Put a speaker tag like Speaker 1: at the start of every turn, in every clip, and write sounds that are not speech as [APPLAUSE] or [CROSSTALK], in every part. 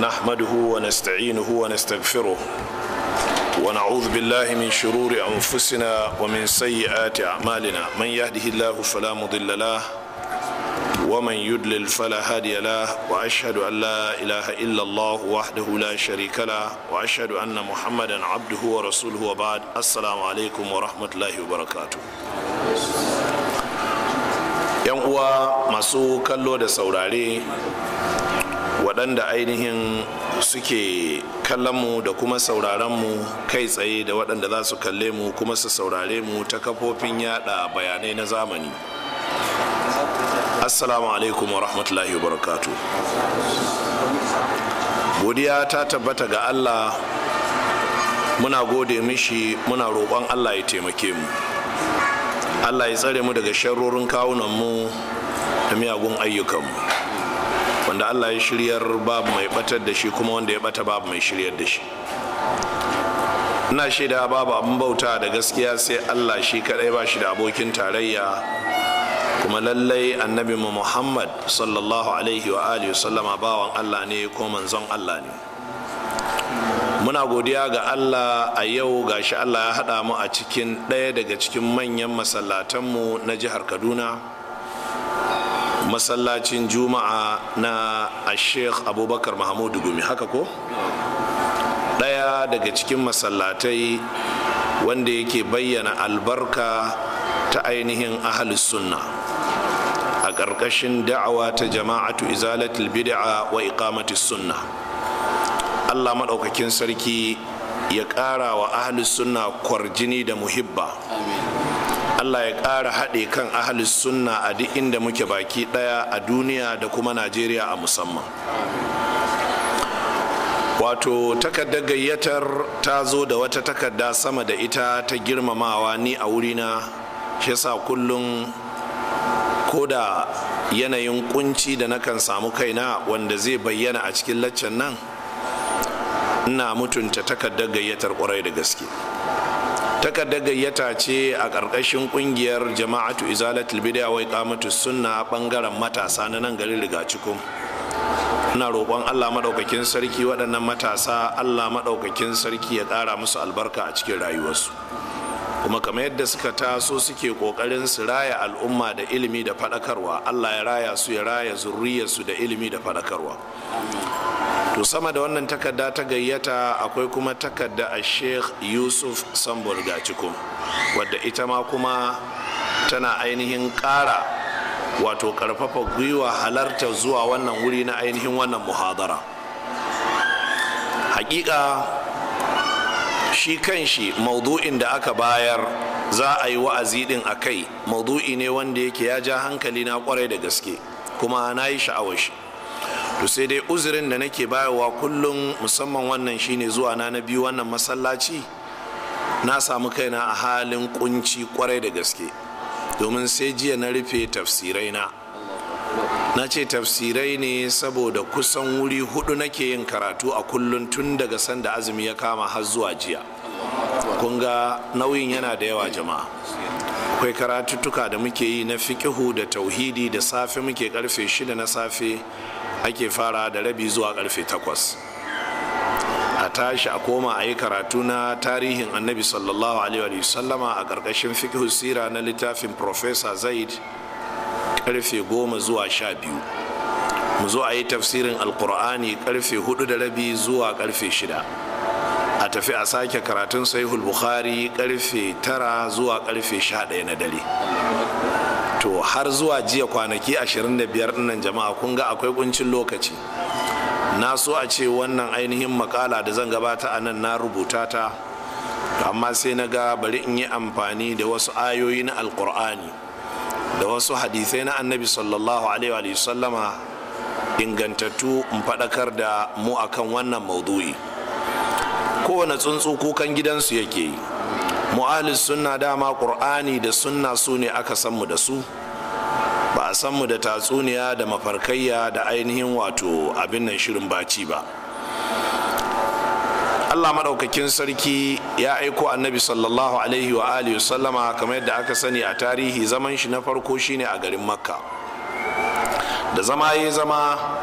Speaker 1: نحمده ونستعينه ونستغفره ونعوذ بالله من شرور أنفسنا ومن سيئات أعمالنا من يهده الله فلا مضل له ومن يدلل فلا هادي له وأشهد أن لا إله إلا الله وحده لا شريك له وأشهد أن محمدا عبده ورسوله وبعد السلام عليكم ورحمة الله وبركاته yan uwa masu kallo da saurare waɗanda ainihin suke mu da kuma sauraronmu kai tsaye da waɗanda za su kalle mu kuma su saurare mu ta kafofin yada bayanai na zamani assalamu alaikum wa rahmatullahi wa godiya ta tabbata ga allah muna gode mishi muna roƙon allah ya taimake mu allah ya tsare mu daga sharrorin kawunanmu da miyagun ayyukanmu wanda allah ya shiryar babu mai batar da shi kuma wanda ya bata babu mai shiryar da shi ina shaida babu abin bauta da gaskiya sai allah shi kadai ba shi da abokin tarayya kuma lallai annabi mu muhammad sallallahu alaihi wa alihi sallama bawan allah ne ko manzon allah ne muna godiya ga allah a yau gashi allah ya haɗa mu a cikin ɗaya daga cikin manyan masallatanmu na jihar kaduna masallacin juma'a na sheikh abubakar mahamudu gumi haka ko ɗaya daga cikin masallatai wanda yake bayyana albarka ta ainihin ahalus sunna a ƙarƙashin da'awa ta jama'atu izalatul bid'a wa iqamati sunna allah maɗaukakin sarki ya ƙara wa ahalus sunna kwarjini da muhibba allah ya ƙara haɗe kan ahalis sunna a duk inda muke baki ɗaya a duniya da kuma najeriya a musamman wato takardar gayyatar ta zo da wata takarda sama da ita ta girmamawa ni a wurina shi sa kullum ko da yanayin kunci da nakan samu kaina wanda zai bayyana a cikin laccan nan ina mutunta takardar gayyatar kwarai da gaske takardar gayyata ce a ƙarƙashin ƙungiyar jama'atu izalatul bid'a wai kamatu sunna ɓangaren matasa na nan garin rigaciku ina roƙon allah maɗaukakin sarki waɗannan matasa allah maɗaukakin sarki ya ƙara musu albarka a cikin rayuwarsu kuma kamar yadda suka taso suke ƙoƙarin su raya al'umma da ilimi da faɗakarwa allah ya raya su ya raya zurriyarsu da ilimi da faɗakarwa to sama da wannan takarda ta gayyata akwai kuma takarda a sheikh yusuf sambol gacikum wadda ita ma kuma tana ainihin kara wato karfafa gwiwa halarta zuwa wannan wuri na ainihin wannan muhadara hakika shi kan shi maudu'in da aka bayar za a yi wa'azi din a kai maudu'i ne wanda yake ya ja hankali na kwarai da gaske kuma na yi sha'awar shi to sai dai uzurin da nake bayarwa kullum musamman wannan shine zuwa na na biyu wannan masallaci na samu kaina a halin kunci kwarai da gaske domin sai jiya na rufe tafsirai na na ce tafsirai ne saboda kusan wuri hudu nake yin karatu a kullum tun daga sanda azumi ya kama har zuwa jiya kunga nauyin yana da yawa jama'a akwai karatuttuka da muke yi na fiƙihu da tauhidi da safe muke karfe shida na safe ake fara da rabi zuwa karfe takwas a tashi a koma a yi karatu na tarihin annabi sallallahu alaihi wa sallama a ƙarƙashin fiƙihu sira na littafin profesa zaid karfe goma zuwa sha biyu mu zo a yi tafsirin Alƙur'ani karfe hudu da rabi zuwa karfe shida tafi a sake karatun sahihul bukhari karfe tara zuwa karfe sha daya na dare to har zuwa jiya kwanaki 25 dinnan jama'a kun ga akwai kuncin lokaci na so a ce wannan ainihin makala da zan gabata a nan na rubuta ta amma sai na ga bari in yi amfani da wasu ayoyi na alkur'ani da wasu hadisai na annabi sallallahu alaihi wa ingantattu in faɗakar da mu akan wannan maudu'i. kowane tsuntsu kukan gidansu yake yi mu suna sunna dama qur'ani da sunna su ne aka sanmu da su ba a san mu da tatsuniya da mafarkayya da ainihin wato abin nan shirin baci ba Allah maɗaukakin sarki ya aiko annabi sallallahu alaihi wa alihi sallama kamar yadda aka sani a tarihi zaman shi na farko shine a garin makka da zama ya zama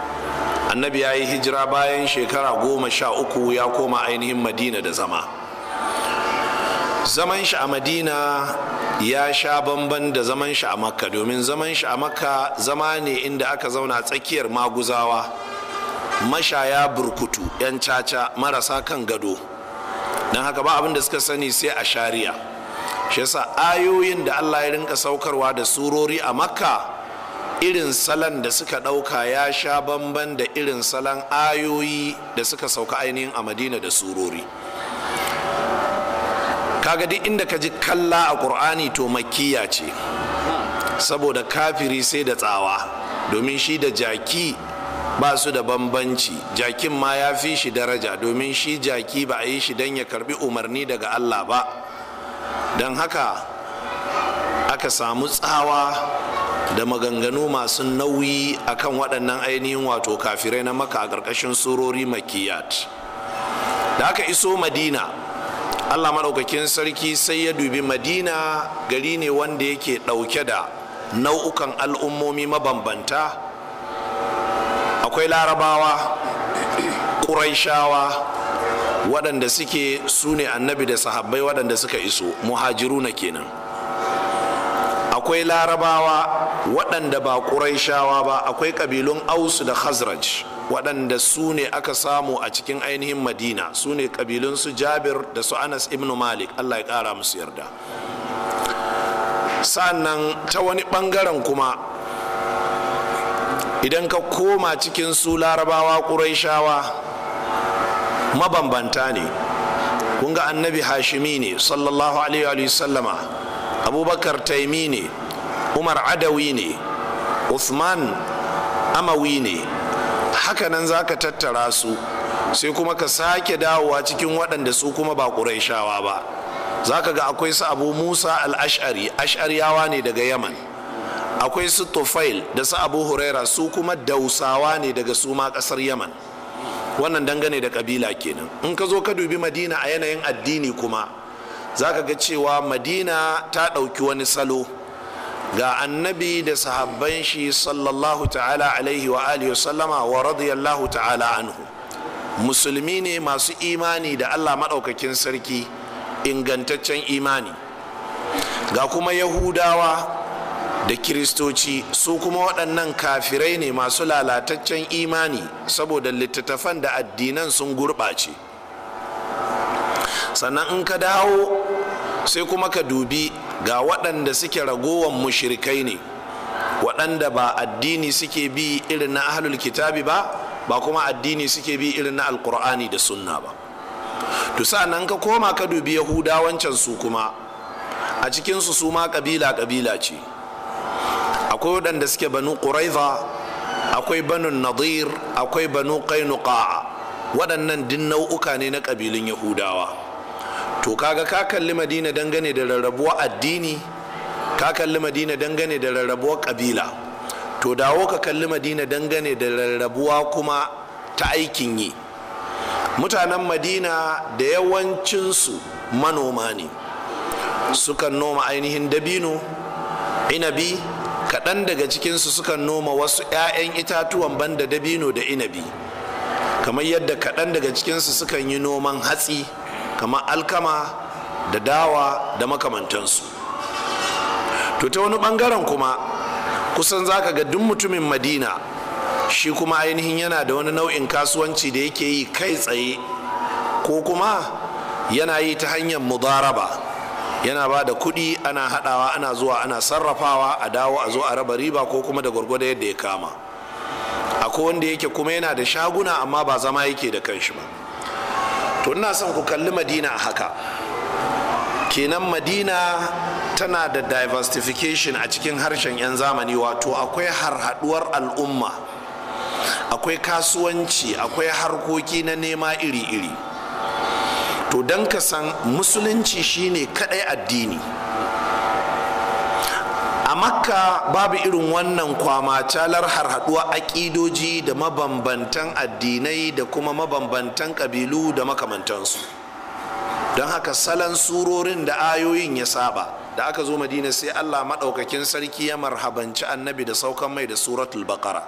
Speaker 1: annabi ya yi hijira bayan shekara goma sha uku ya koma ainihin madina da zama zaman shi a madina ya sha bamban da zaman shi a makka domin zaman shi a makka zama ne inda aka zauna tsakiyar maguzawa mashaya burkutu 'yan caca marasa kan gado don haka ba abin da suka sani sai a shari'a shi yasa ayoyin da allah ya rinka saukarwa da surori a makka irin salon da suka ɗauka ya sha bamban da irin salon ayoyi da suka sauka ainihin a madina da surori kaga duk inda ka ji kalla a ƙur'ani to makiya ce saboda kafiri sai da tsawa domin shi da jaki ba su da bambanci jakin ma ya fi shi daraja domin shi jaki ba a yi shi don ya karbi umarni daga allah ba don haka aka samu tsawa da maganganu masu nauyi akan waɗannan ainihin wato kafirai na maka a ƙarƙashin surori makiyat da aka iso madina allah maɗaukakin sarki sai ya dubi madina gari ne wanda yake ɗauke da nau'ukan al'ummomi mabambanta akwai larabawa ƙuraishawa waɗanda suke su ne annabi da sahabbai waɗanda suka iso muhajiru na kenan akwai larabawa waɗanda ba ƙuraishawa ba akwai ƙabilun ausu da khazraj waɗanda su ne aka samu a cikin ainihin madina su ne ƙabilun su jabir da su anas ibn malik allah ya ƙara musu yarda sannan ta wani ɓangaren kuma idan ka koma cikin su larabawa ƙuraishawa mabambanta ne kun ga annabi hashimi ne sallallahu alaihi wa sallama abubakar taimi ne umar adawi ne usman amawi ne hakanan za ka tattara su sai kuma ka sake dawowa cikin waɗanda su kuma ba ƙuraishawa ba za ka ga akwai su abu musa al-ash'ari ash'ariyawa ne daga yaman akwai su tufail da su abu huraira su kuma dausawa ne daga su ma ƙasar yaman wannan dangane da ƙabila kenan in ka zo ka dubi madina a yanayin addini kuma za ka ga cewa madina ta ɗauki wani salo ga annabi da sahabban shi sallallahu ta'ala alaihi wa alihi sallama wa radiyallahu ta'ala anhu musulmi ne masu imani da allah maɗaukakin sarki ingantaccen imani ga kuma yahudawa da kiristoci su kuma waɗannan kafirai ne masu lalataccen imani saboda littattafan da addinan sun gurɓace sannan in ka dawo sai kuma ka dubi ga waɗanda suke ragowan mushrikai ne waɗanda ba addini suke bi irin na ahlul kitabi ba ba kuma addini suke bi irin na alkur'ani da sunna ba to nan ka koma ka dubi yahuda wancan su kuma a cikinsu su ma kabila kabila ce akwai waɗanda suke banu ƙuraiza akwai banu nadir akwai banu kainuka waɗannan din nau'uka ne na ƙabilun yahudawa to kaga ka kalli madina dangane da rarrabuwar addini ka kalli madina dangane da rarrabuwar kabila to dawo ka kalli madina dangane da rarrabuwa kuma ta aikin yi mutanen madina da yawancinsu manoma ne sukan noma ainihin dabino inabi kaɗan daga cikinsu sukan noma wasu 'ya'yan itatuwan banda dabino da inabi kamar yadda kaɗan daga cikinsu sukan yi noman hatsi kamar alkama da dawa da makamantansu to ta wani bangaren kuma kusan zaka ga duk mutumin madina shi kuma ainihin yana da wani nau'in kasuwanci da yake yi kai tsaye ko kuma yana yi ta hanyar mudaraba yana ba da kuɗi ana haɗawa ana zuwa ana sarrafawa a dawo a zo a raba riba ko kuma da gwargwada yadda ya kama akwai wanda yake kuma yana da shaguna amma ba zama yake da kanshi ba to ina son ku kalli madina haka kenan madina tana da diversification a cikin harshen 'yan zamani wato akwai harhaduwar al'umma akwai kasuwanci akwai harkoki na nema iri-iri to don ka san musulunci shine kadai addini a makka babu irin wannan kwama kwamacalar harhaduwa aƙidoji da mabambantan addinai da kuma mabambantan ƙabilu da makamantansu don haka salon surorin da ayoyin ya saba da aka zo madina sai allah maɗaukakin sarki ya marhabanci annabi da saukan mai da suratul baqara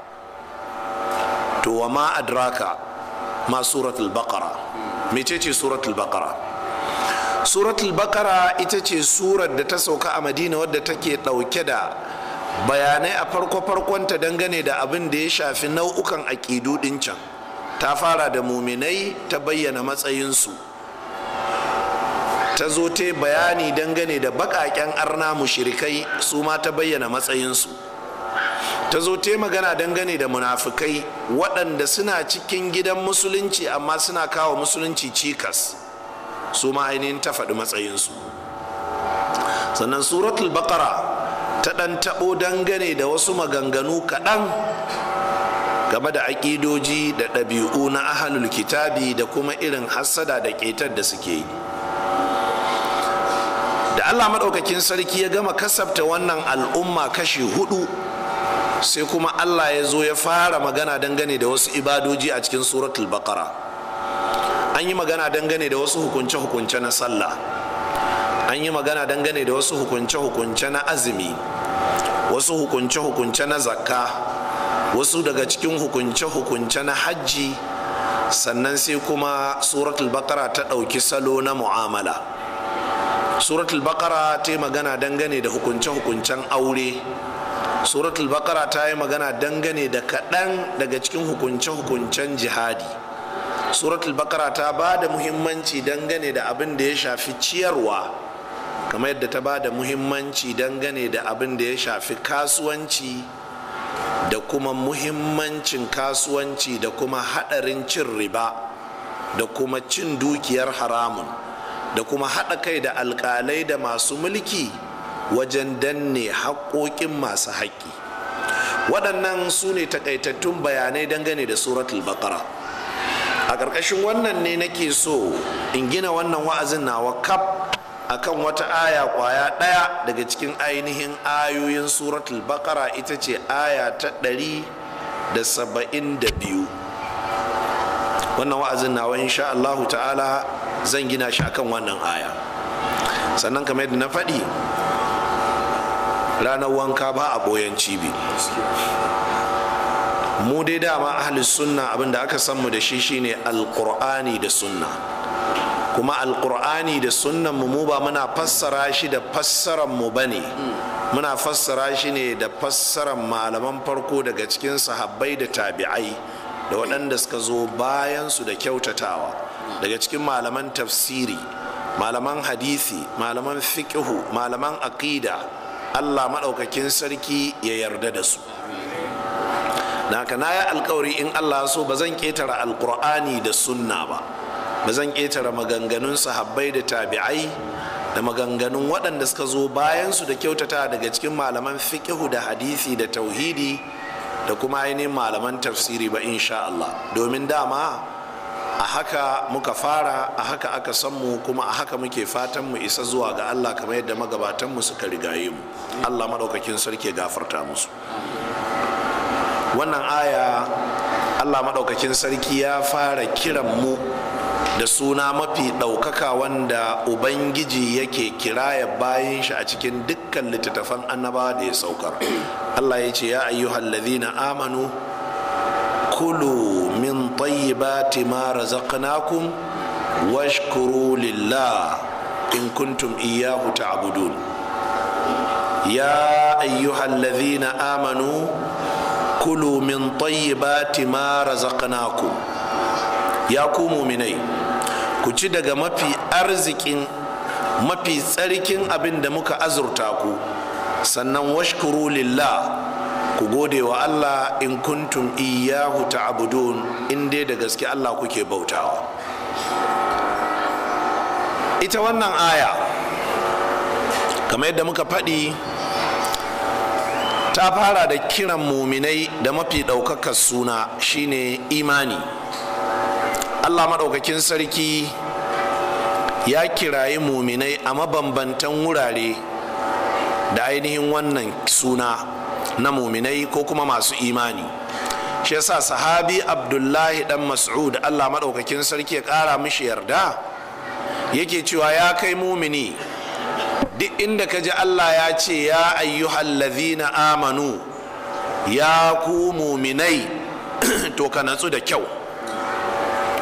Speaker 1: to wa ma adraka ma suratul baqara mecece suratul baqara suratul bakara ita ce surar da ta sauka a madina wadda take ɗauke da bayanai a farko-farkonta dangane da abin da ya shafi nau'ukan aƙidu din can ta fara da muminai ta bayyana matsayinsu ta zo ta bayani dangane da baƙaƙen arna mushirikai su ma ta bayyana matsayinsu ta zo ta magana dangane da munafukai waɗanda suna cikin gidan musulunci amma suna kawo musulunci cikas su ma ainihin ta faɗi matsayinsu sannan suratul bakara ta ɗan taɓo dangane da wasu maganganu kaɗan game da aƙidoji da ɗabi'u na ahalul kitabi da kuma irin hassada da ƙetar da suke yi da allah maɗaukakin sarki ya gama kasabta wannan al'umma kashi hudu sai kuma allah ya zo ya fara magana dangane da wasu ibadoji a cikin suratul bakara. an yi magana dangane da wasu hukunce-hukunce na sallah an yi magana dangane da wasu hukunce-hukunce na azumi wasu hukunce-hukunce na zakka wasu daga cikin hukunce-hukunce na hajji sannan sai kuma suratul bakara ta ɗauki salo na mu'amala suratul bakara ta yi magana dangane da hukunce-hukuncen aure suratul bakara ta yi magana dangane da kaɗan daga cikin hukunce-hukuncen jihadi suratul bakara ta ba da muhimmanci dangane da abin da ya shafi ciyarwa kamar yadda ta ba da muhimmanci dangane da abin da ya shafi kasuwanci da kuma muhimmancin kasuwanci da kuma haɗarin cin riba da kuma cin dukiyar haramun da kuma haɗa kai da alƙalai da masu mulki wajen danne haƙoƙin masu haƙƙi waɗannan su ne takaitattun bayanai dangane da suratul bakara a ƙarƙashin wannan ne nake so in gina wannan wa'azin nawa kaf akan wata aya kwaya ɗaya daga cikin ainihin ayoyin suratul bakara ita ce aya ta ɗari da saba'in da biyu wannan wa'azin nawa insha Allahu ta'ala zan gina shi akan wannan aya sannan kamar yadda na faɗi ranar wanka ba a ɓoyen cibi mu dai dama ahli sunna abinda aka san mu da shi shine alqur'ani da sunna kuma alqur'ani da sunnan mu mu ba muna fassara shi da fassaran mu bane muna fassara shi ne da fassaran malaman farko daga cikin sahabbai da tabi'ai da waɗanda suka zo bayan su da kyautatawa daga cikin malaman tafsiri malaman hadisi malaman fiqhu malaman aqida Allah maɗaukakin sarki ya yarda da su na haka na yi alkawari in allah so ba zan ƙetare alkur'ani da sunna ba ba zan ƙetare maganganun sahabbai da tabi'ai da maganganun waɗanda suka zo bayansu da kyautata daga cikin malaman fiƙihu da hadisi da tauhidi da kuma ainihin malaman tafsiri ba insha allah domin dama a haka muka fara a haka aka san mu kuma a haka muke fatan mu isa zuwa ga Allah kamar yadda magabatan mu suka rigaye mu Allah maɗaukakin sarki gafarta musu wannan aya allah maɗaukakin sarki ya fara kiran mu da suna mafi ɗaukaka wanda ubangiji yake kiraya bayan shi a cikin dukkan littattafan annaba da ya saukar allah ya ce ya ayyuhal na amanu kulu min tayyibati ma razaqnakum washkuru lillah in kuntum iyyahu ta'budun ya ayyuhal na amanu kulu min tayyibati ma razaqnakum ya ku muminai ku ci daga mafi arzikin mafi tsarkin abin da muka azurta ku sannan washkuru lillah ku gode wa Allah in kuntum iyyahu ta'budun in dai da gaske Allah kuke bautawa ita wannan aya kamar yadda muka faɗi ta fara da kiran muminai da mafi ɗaukakar suna shine imani allah maɗaukakin sarki ya kirayi muminai a mabambantan wurare da ainihin wannan suna na muminai ko kuma masu imani shi yasa sahabi abdullahi dan mas'ud allah maɗaukakin sarki ya ƙara mishi yarda yake cewa ya kai mumini duk inda ka ji allah ya ce ya ayyuhallazina amanu ya ku muminai [CLEARS THROAT] to ka natsu da kyau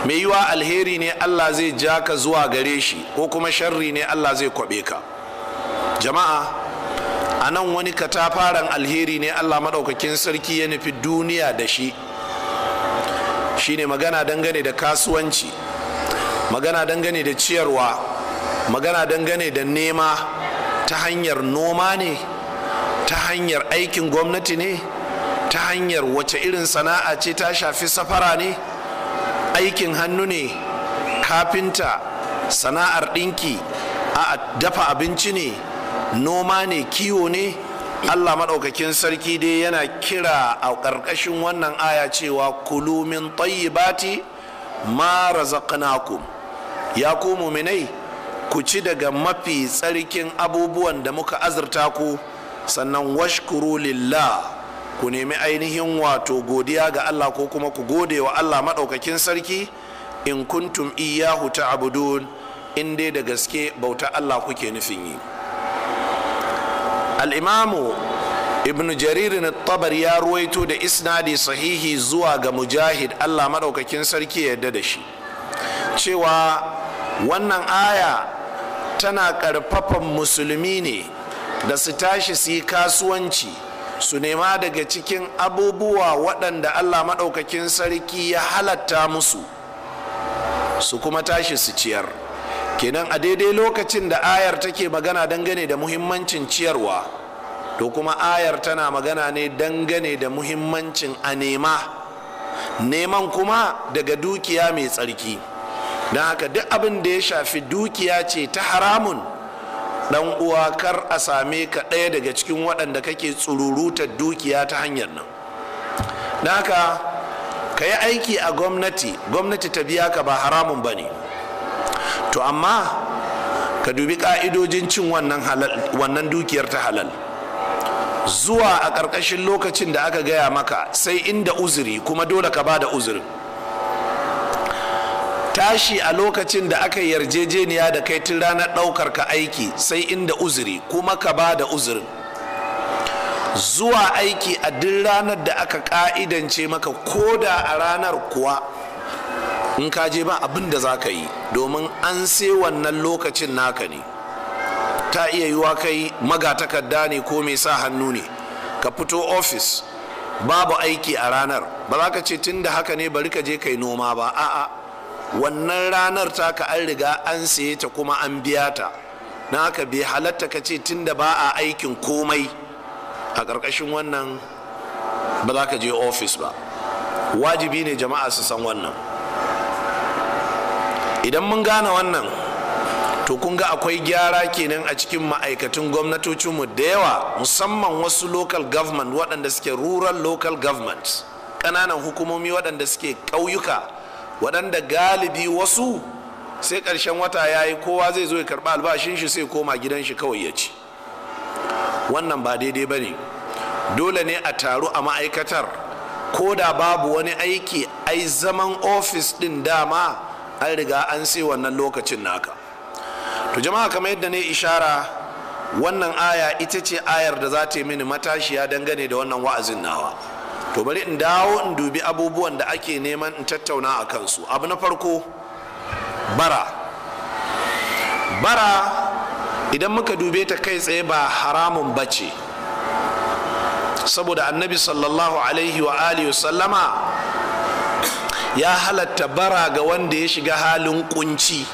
Speaker 1: mai yiwa alheri ne allah zai ja ka zuwa gare shi ko kuma sharri ne allah zai kwabe ka jama'a a nan wani katafaren alheri ne allah maɗaukakin sarki ya nufi duniya da shi shine magana dangane da kasuwanci magana dangane da ciyarwa magana dangane da nema ta hanyar noma ne ta hanyar aikin gwamnati ne ta hanyar wace irin sana'a ce ta shafi safara ne aikin hannu ne kafinta sana'ar ɗinki a dafa abinci ne noma ne kiwo ne allah maɗaukakin sarki dai yana kira a ƙarƙashin wannan aya cewa kulumin tayyibati ma razaqnakum ya ku muminai ku ci daga mafi tsarkin abubuwan da muka azurta ku sannan washkuru lillah ku nemi ainihin wato godiya ga Allah ko kuma ku gode wa Allah maɗaukakin sarki in kuntum iyahu ta'budun in dai da gaske bauta Allah kuke nufin yi al-imamu ibn jarir tabar ya ruwaito da isnadi sahihi zuwa ga mujahid Allah maɗaukakin sarki ya yarda da shi cewa wannan aya tana karfafan musulmi ne da su tashi su yi kasuwanci su nema daga cikin abubuwa waɗanda allah maɗaukakin sarki ya halatta musu su kuma tashi su ciyar kenan a daidai lokacin da ayar take magana dangane da muhimmancin ciyarwa to kuma ayar tana magana ne dangane da muhimmancin a nema neman kuma daga dukiya mai tsarki don haka duk abin da ya shafi dukiya ce ta haramun dan uwa kar a same ka ɗaya daga cikin waɗanda kake tsururuta dukiya ta hanyar nan don haka ka yi aiki a gwamnati gwamnati ta biya ka ba haramun ba ne to amma ka dubi ka'idojin cin wannan dukiyar ta halal zuwa a ƙarƙashin lokacin da aka gaya maka sai inda uzuri kuma dole ka ba da uzurin tashi a lokacin da aka yarjejeniya da kai tun ranar ɗaukar ka aiki sai inda uzuri kuma ka ba da uzurin zuwa aiki a duk ranar da aka ƙa'idance maka koda a ranar kuwa in ka je ba abin da za ka yi domin an sai wannan lokacin naka ne ta iya yiwa kai magatakarda ne ko mai sa hannu ne ka fito ofis babu aiki a ranar ba za ka ce tun da haka ne bari ka je kai noma ba a'a wannan ranar taka an riga an saye ta kuma an biya ta na ka bi halatta ka ce tun da ba a aikin komai a ƙarƙashin wannan ba za ka je ofis ba wajibi ne jama'a su san wannan idan mun gane wannan to kun ga akwai gyara kenan a cikin ma'aikatun gwamnatocinmu da yawa musamman wasu local government waɗanda suke rural local government ƙananan hukumomi waɗanda suke ƙauyuka waɗanda galibi wasu sai ƙarshen wata ya yi kowa zai zo ya karɓi albashin shi sai koma gidan shi kawai ya ci wannan ba daidai ba ne dole ne a taru a ma'aikatar ko da babu wani aiki ai zaman ofis ɗin dama an riga an sai wannan lokacin naka to jama'a kamar yadda ne ishara wannan aya ita ce ayar da za ta yi mini matashiya dangane da wannan wa'azin nawa. to bari in dawo in dubi abubuwan da ake neman in tattauna a kansu abu na farko bara bara idan muka dube ta kai tsaye ba haramun bace saboda annabi sallallahu alaihi wa alihi sallama ya halatta bara ga wanda ya shiga halin kunci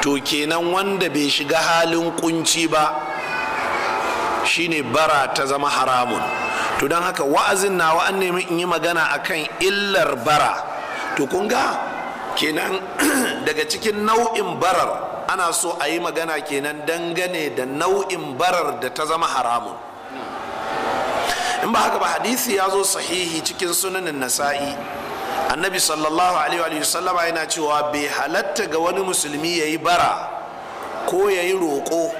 Speaker 1: to kenan wanda bai shiga halin kunci ba shine bara ta zama haramun to don haka wa'azin nawa an nemi in yi magana akan illar bara to kun ga kenan [CLEARS THROAT] daga cikin nau'in barar ana so a yi magana kenan dangane da nau'in barar da ta zama haramun in ba haka ba hadisi ya zo sahihi cikin sunanin nasa'i annabi sallallahu alaihi wasallama yana cewa bai halatta ga wani musulmi ya yi bara ko ya yi roƙo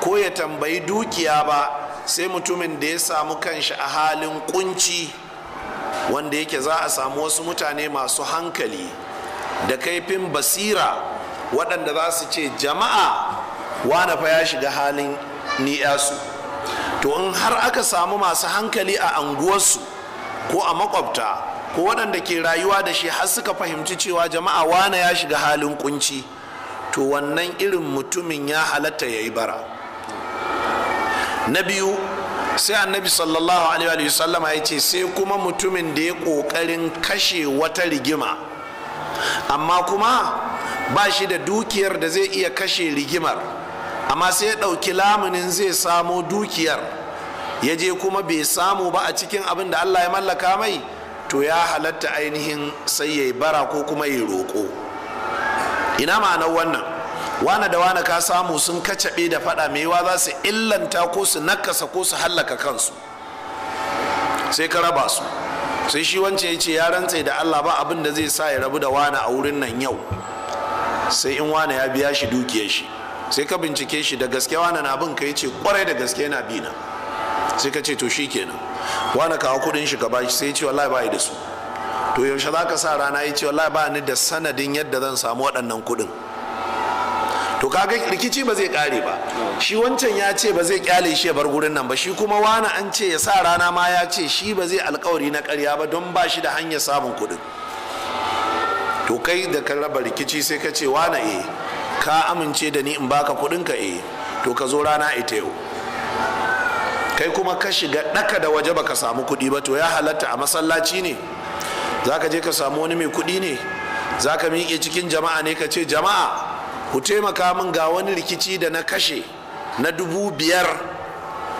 Speaker 1: ko ya tambayi dukiya ba sai mutumin da ya samu kanshi a halin kunci wanda yake za a samu wasu mutane masu hankali da kaifin basira waɗanda za su ce jama'a wane fa ya shiga halin ni'yasu to in har aka samu masu hankali a anguwarsu ko a makwabta ko waɗanda ke rayuwa da shi har suka fahimci cewa jama'a wane ya shiga halin kunci to wannan irin mutumin ya halatta ya yi bara na biyu sai annabi sallallahu alaihi wa sallama ya ce sai kuma mutumin da ya kokarin kashe wata rigima amma kuma ba shi da dukiyar da zai iya kashe rigimar amma sai ya ɗauki lamunin zai samo dukiyar ya je kuma bai samu ba a cikin abin da allah ya mallaka mai to ya halatta ainihin sai ya bara ko kuma ya roƙo ina ma'anar wannan wane da wane ka samu sun kacaɓe da faɗa mai yawa za su illanta ko su nakasa ko su hallaka kansu sai ka raba su sai shi wancan ya ce ya rantse da allah ba abin da zai sa ya rabu da wane a wurin nan yau sai in wane ya biya shi dukiyar shi sai ka bincike shi da gaske wane na abin ka ya ce kwarai da gaske yana bi na sai ka ce to shi kenan wane kawo kuɗin shi ba shi sai ya ce wallahi ba da su to yaushe za ka sa rana ya ce wallahi ba ni da sanadin yadda zan samu waɗannan kuɗin to kaga rikici ba zai kare ba shi wancan ya ce ba zai kyale shi ya bar gurin nan ba shi kuma wani an ce ya sa rana ma ya ce shi ba zai alkawari na karya ba don ba shi da hanyar samun kuɗin to kai da ka raba rikici sai ka ce wani eh ka amince da ni in baka kuɗin ka eh to ka zo rana ita yau kai kuma ka shiga daka da waje baka samu kuɗi ba to ya halatta a masallaci ne zaka je ka samu wani mai kuɗi ne zaka ka miƙe cikin jama'a ne ka ce jama'a ku taimaka min ga wani rikici da na kashe na dubu biyar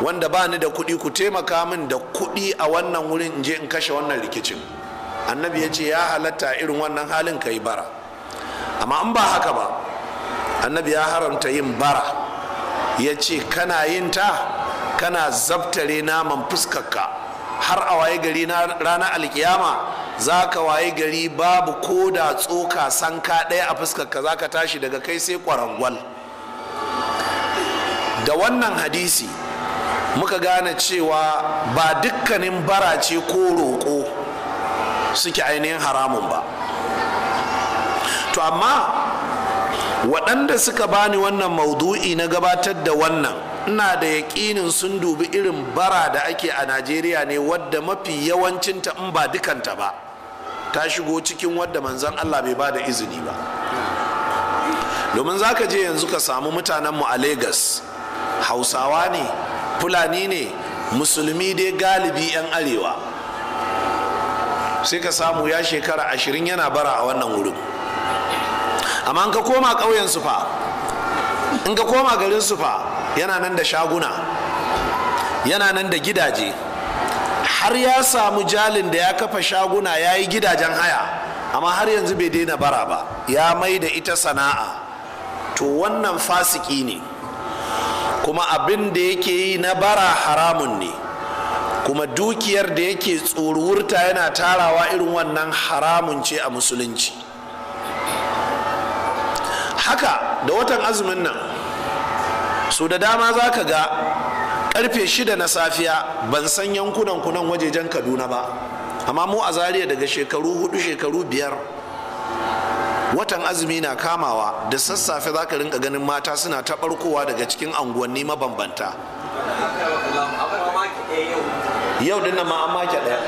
Speaker 1: wanda ba ni da kuɗi ku taimaka min da kuɗi a wannan wurin in je in kashe wannan rikicin annabi ya ce ya halatta irin wannan halin ka yi bara amma in ba haka ba annabi ya haramta yin bara ya ce kana yin ta kana zabtare naman fuskarka har a waye gari na ranar alkiyama za ka waye gari babu ko da tsoka sanka ɗaya a fuskarka za ka tashi daga kai sai kwarangwal da wannan hadisi muka gane cewa ba dukkanin bara ce ko roƙo suke ainihin haramun ba to amma waɗanda suka bani wannan maudu'i na gabatar da wannan ina da yaƙinin sun dubi irin bara da ake a najeriya ne wadda mafi yawancinta in ba dukanta ba ta shigo cikin wadda manzan Allah bai ba da izini ba domin za ka je yanzu ka samu mutanenmu a Legas hausawa ne fulani ne musulmi dai galibi 'yan arewa sai ka samu ya shekara ashirin yana bara a wannan wurin amma in ka koma ƙauyen su in ka koma garin sufa yana nan da shaguna yana nan da gidaje har ya samu jalin da ya kafa shaguna ya yi gidajen haya amma har yanzu bai daina bara ba ya mai da ita sana'a to wannan fasiki ne kuma abin da yake yi na bara haramun ne kuma dukiyar da yake tsoruwurta yana tarawa irin wannan haramun ce a musulunci haka da watan azumin nan su da dama za ka ga karfe shida na safiya ban san yankunan kunan wajejen kaduna ba amma mu a zariya daga shekaru hudu shekaru biyar watan azumi na kamawa da sassafe za ka rinka ganin mata suna ta barkowa daga cikin anguwanni mabambanta yau dinnan ma an make ɗaya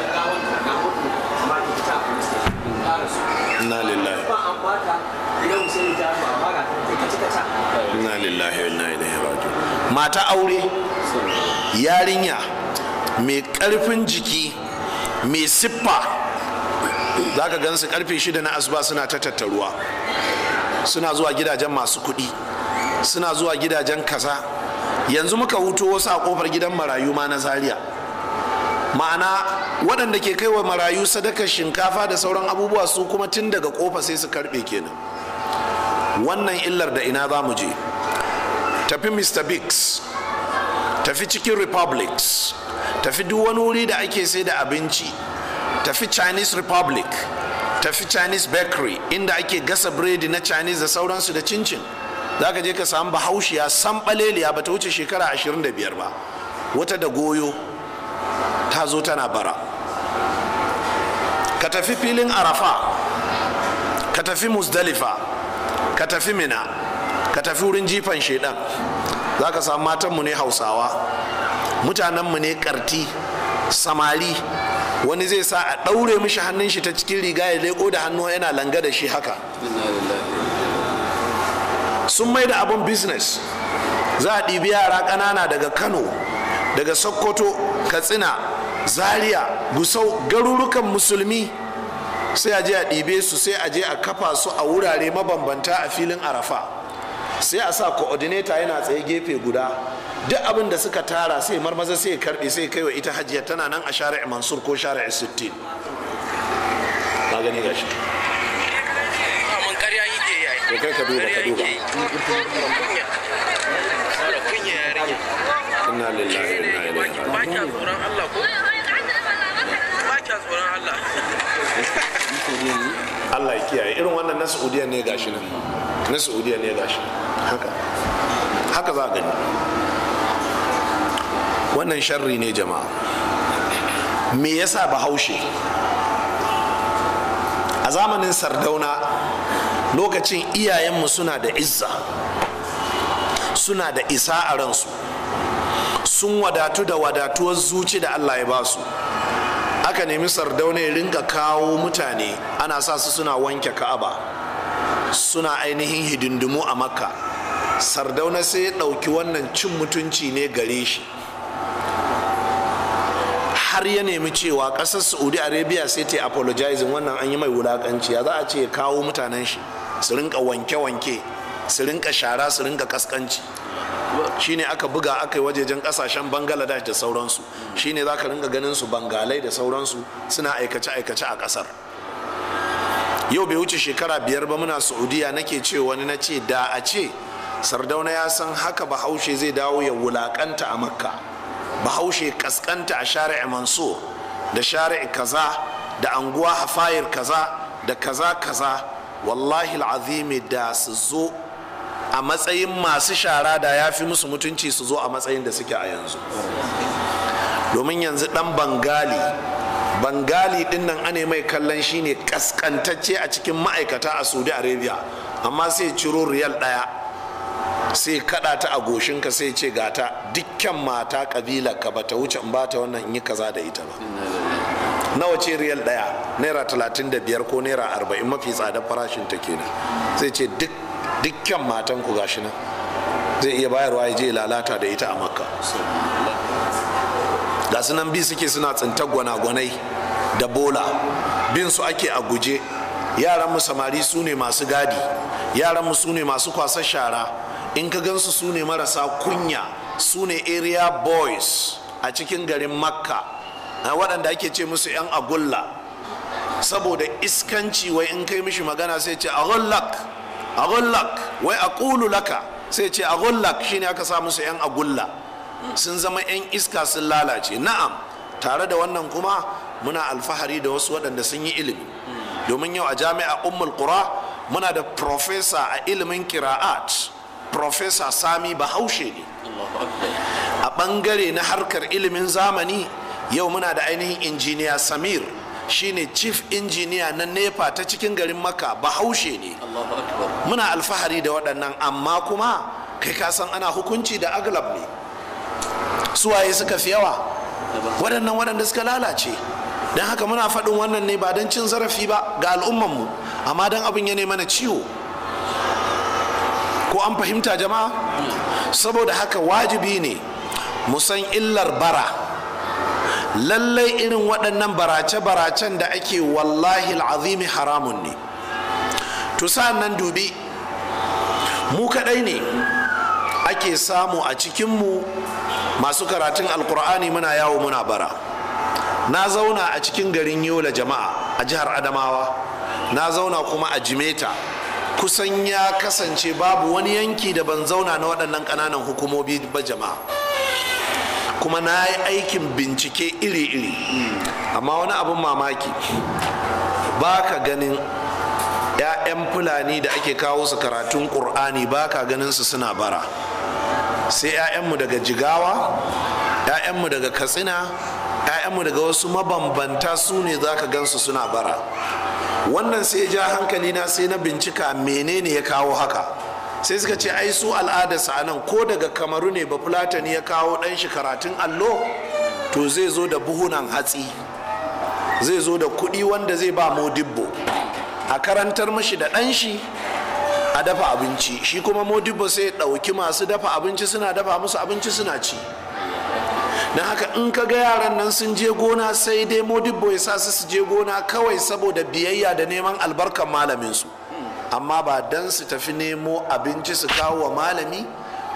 Speaker 1: mata aure yarinya mai karfin jiki mai siffa za ka gan su. karfe shida na asuba suna ta tattaruwa suna zuwa gidajen masu kuɗi suna zuwa gidajen kasa yanzu muka huto wasu a kofar gidan marayu ma na zaria ma'ana waɗanda ke kai wa marayu sadaka, shinkafa da sauran abubuwa su kuma tun daga kofa sai su karɓe kenan wannan illar da ina za mu je tafi mr biggs tafi cikin republics tafi duk wani wuri da ake sai da abinci tafi chinese republic tafi chinese bakery inda ake gasa biredi na chinese da sauransu da cincin za ka je ka samu bahaushiya san baleliya ba ta wuce shekara 25 ba wata da goyo ta zo tana bara ka tafi filin arafa ka tafi musdalifa ka tafi mina ka tafi wurin jifan shaidan. za ka samu matanmu ne hausawa mutanenmu ne karti samari wani zai sa a ɗaure mishi hannun shi ta cikin riga ya leƙo da hannu yana langa da shi haka sun mai da abin business za a ɗibi yara ƙanana daga kano daga sokoto katsina zaria gusau garurukan musulmi sai a je a ɗibe su sai a je a kafa su a wurare mabambanta a filin arafa sai a sa coordinator yana tsaye gefe guda duk abin da suka tara sai marmaza sai karbe sai kai wa ita hajiya tana nan a shari'a mansur ko shari'a 60 ba gani gashi to kai ko ba kya tsoron allah ya kiyaye irin wannan na saudiya ne gashi nan na saudiya ne gashi haka haka za a gani wannan sharri ne jama'a me yasa bahaushe a zamanin sardauna lokacin iyayenmu suna da izza suna da isa a ransu sun wadatu da wadatuwar zuci da allah ya basu aka nemi sardauna ya rinka kawo mutane ana sa su suna wanke ka'aba suna ainihin hidindimu a makka sardauna sai ya ɗauki wannan cin mutunci ne gare shi har ya nemi cewa ƙasar saudi arabia sai ta apologizing wannan an yi mai wulakanci ya za a ce ya kawo mutanen shi su rinka wanke-wanke su rinka shara su rinka kaskanci shine aka buga aka yi wajejen kasashen bangladesh da sauransu shine za ka rinka ganin su bangalai da sauransu suna aikace-aikace a kasar yau bai wuce shekara biyar ba muna saudiya nake ce wani na ce da a ce sardauna ya san haka bahaushe zai dawo ya wulakanta a makka bahaushe kaskanta a shari'a mansur da shari'a kaza da anguwa hafayir kaza da kaza kaza wallahi al'azimi da su zo a matsayin masu shara da ya fi musu mutunci su zo a matsayin da suke a yanzu domin yanzu dan bangali bangali din nan ane mai kallon shine kaskantacce a cikin ma'aikata a saudi arabia amma sai ciro riyal daya sai kada ta a goshinka sai ce gata dukkan mata kabila ka bata wuce in bata wannan in yi kaza da ita ba nawa ce riyal daya naira talatin da biyar ko naira arba'in mafi tsadar farashin ta kenan sai ce dukkan matan ku gashi nan zai iya bayarwa ya je lalata da ita a makka gasu nan bi suke suna tsinta gwanagwanai da bola bin su ake a guje yaran mu samari su ne masu gadi yaran mu su ne masu kwasar shara in ka gansu su ne marasa kunya su ne area boys a cikin garin makka waɗanda ake ce musu 'yan agulla saboda iskanci wai in kai mishi magana sai ce agullak agullak wai a laka sai ce agullak shine aka sa musu 'yan agulla sun zama 'yan iska sun lalace na'am tare da wannan kuma muna alfahari da wasu waɗanda sun yi ilimi domin yau a jami'a ummul kura muna da profesa a ilimin kira'at profesa sami bahaushe ne a ɓangare na harkar ilimin zamani yau muna da ainihin injiniya samir shine chief injiniya na nepa ta cikin garin maka bahaushe ne muna alfahari da waɗannan amma kuma kai ka san ana hukunci da aglab ne Su waye suka fi yawa waɗannan waɗanda suka lalace don haka muna faɗin wannan ne ba don cin zarafi ba ga al'ummanmu amma don abin ya mana ciwo ko an fahimta jama'a saboda haka wajibi ne musan illar bara lallai irin waɗannan barace-baracen da ake wallahi al'azimi haramun ne to nan dubi mu kaɗai ne ake samu a cikinmu masu karatun alkur'ani muna yawo muna bara na zauna a cikin garin yola jama'a a jihar adamawa na zauna kuma a jimeta kusan ya kasance babu wani yanki da ban zauna na waɗannan ƙananan hukumobi ba jama'a kuma na yi aikin bincike iri-iri amma wani abin mamaki ba ka ganin 'ya'yan fulani da ake kawo su karatun ƙur'ani ba ka ganin su suna bara sai 'ya'yanmu daga jigawa 'ya'yanmu daga katsina 'ya'yanmu daga wasu mabambanta su ne za ka gansu suna bara wannan sai ja hankali na sai na bincika menene ya kawo haka sai suka ce ai su al'adarsa a nan ko daga kamaru ne ba fulatani ya kawo dan shi karatun allo to zai zo da buhunan hatsi zai zo da kuɗi wanda zai ba mu dibbo a karantar mashi da ɗan shi a dafa abinci shi kuma modibo sai ya ɗauki masu dafa abinci suna dafa musu abinci suna ci Na haka in ka ga yaran nan sun je gona sai dai modibo ya sa su je gona kawai saboda biyayya da neman albarkan malaminsu amma ba don su tafi nemo abinci su kawo wa malami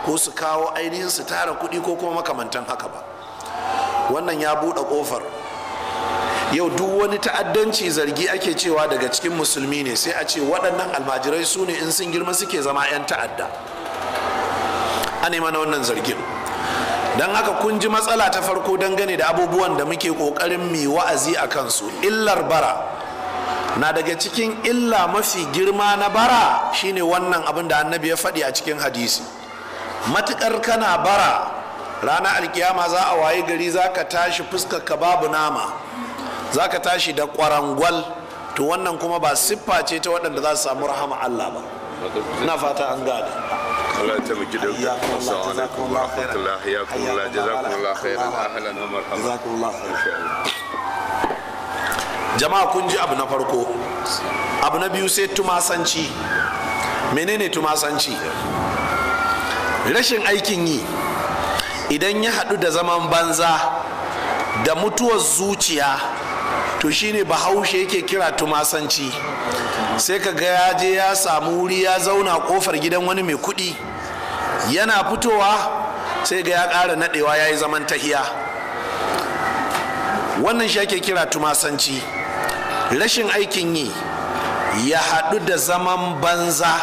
Speaker 1: ko su kawo ainihin su tara kuɗi ko kuma makamantan haka ba wannan ya buɗe ƙofar yau duk wani ta'addanci zargi ake cewa daga cikin musulmi ne sai a ce waɗannan almajirai su ne in sun girma suke zama 'yan ta'adda ana na wannan zargin don haka kun ji matsala ta farko dangane da abubuwan da muke ƙoƙarin mai wa'azi a kansu illar bara na daga cikin illa mafi girma na bara shine wannan abin da annabi ya faɗi a cikin hadisi matuƙar kana bara ranar alkiyama za a waye gari za ka tashi fuskar ka babu nama za ka tashi da kwarangwal to wannan kuma ba siffa ce ta waɗanda za su samu rahama Allah ba na fata an gada Allah jama'a kun ji abu na farko abu na biyu sai tumasanci menene tumasanci rashin aikin yi idan ya haɗu da zaman banza da mutuwar zuciya to shine bahaushe yake kira tumasanci sai ka ga ya je ya samu wuri ya zauna kofar gidan wani mai kuɗi yana fitowa sai ga ya ƙara naɗewa ya yi zaman tahiya wannan shi ake kira tumasanci rashin aikin yi ya haɗu da zaman banza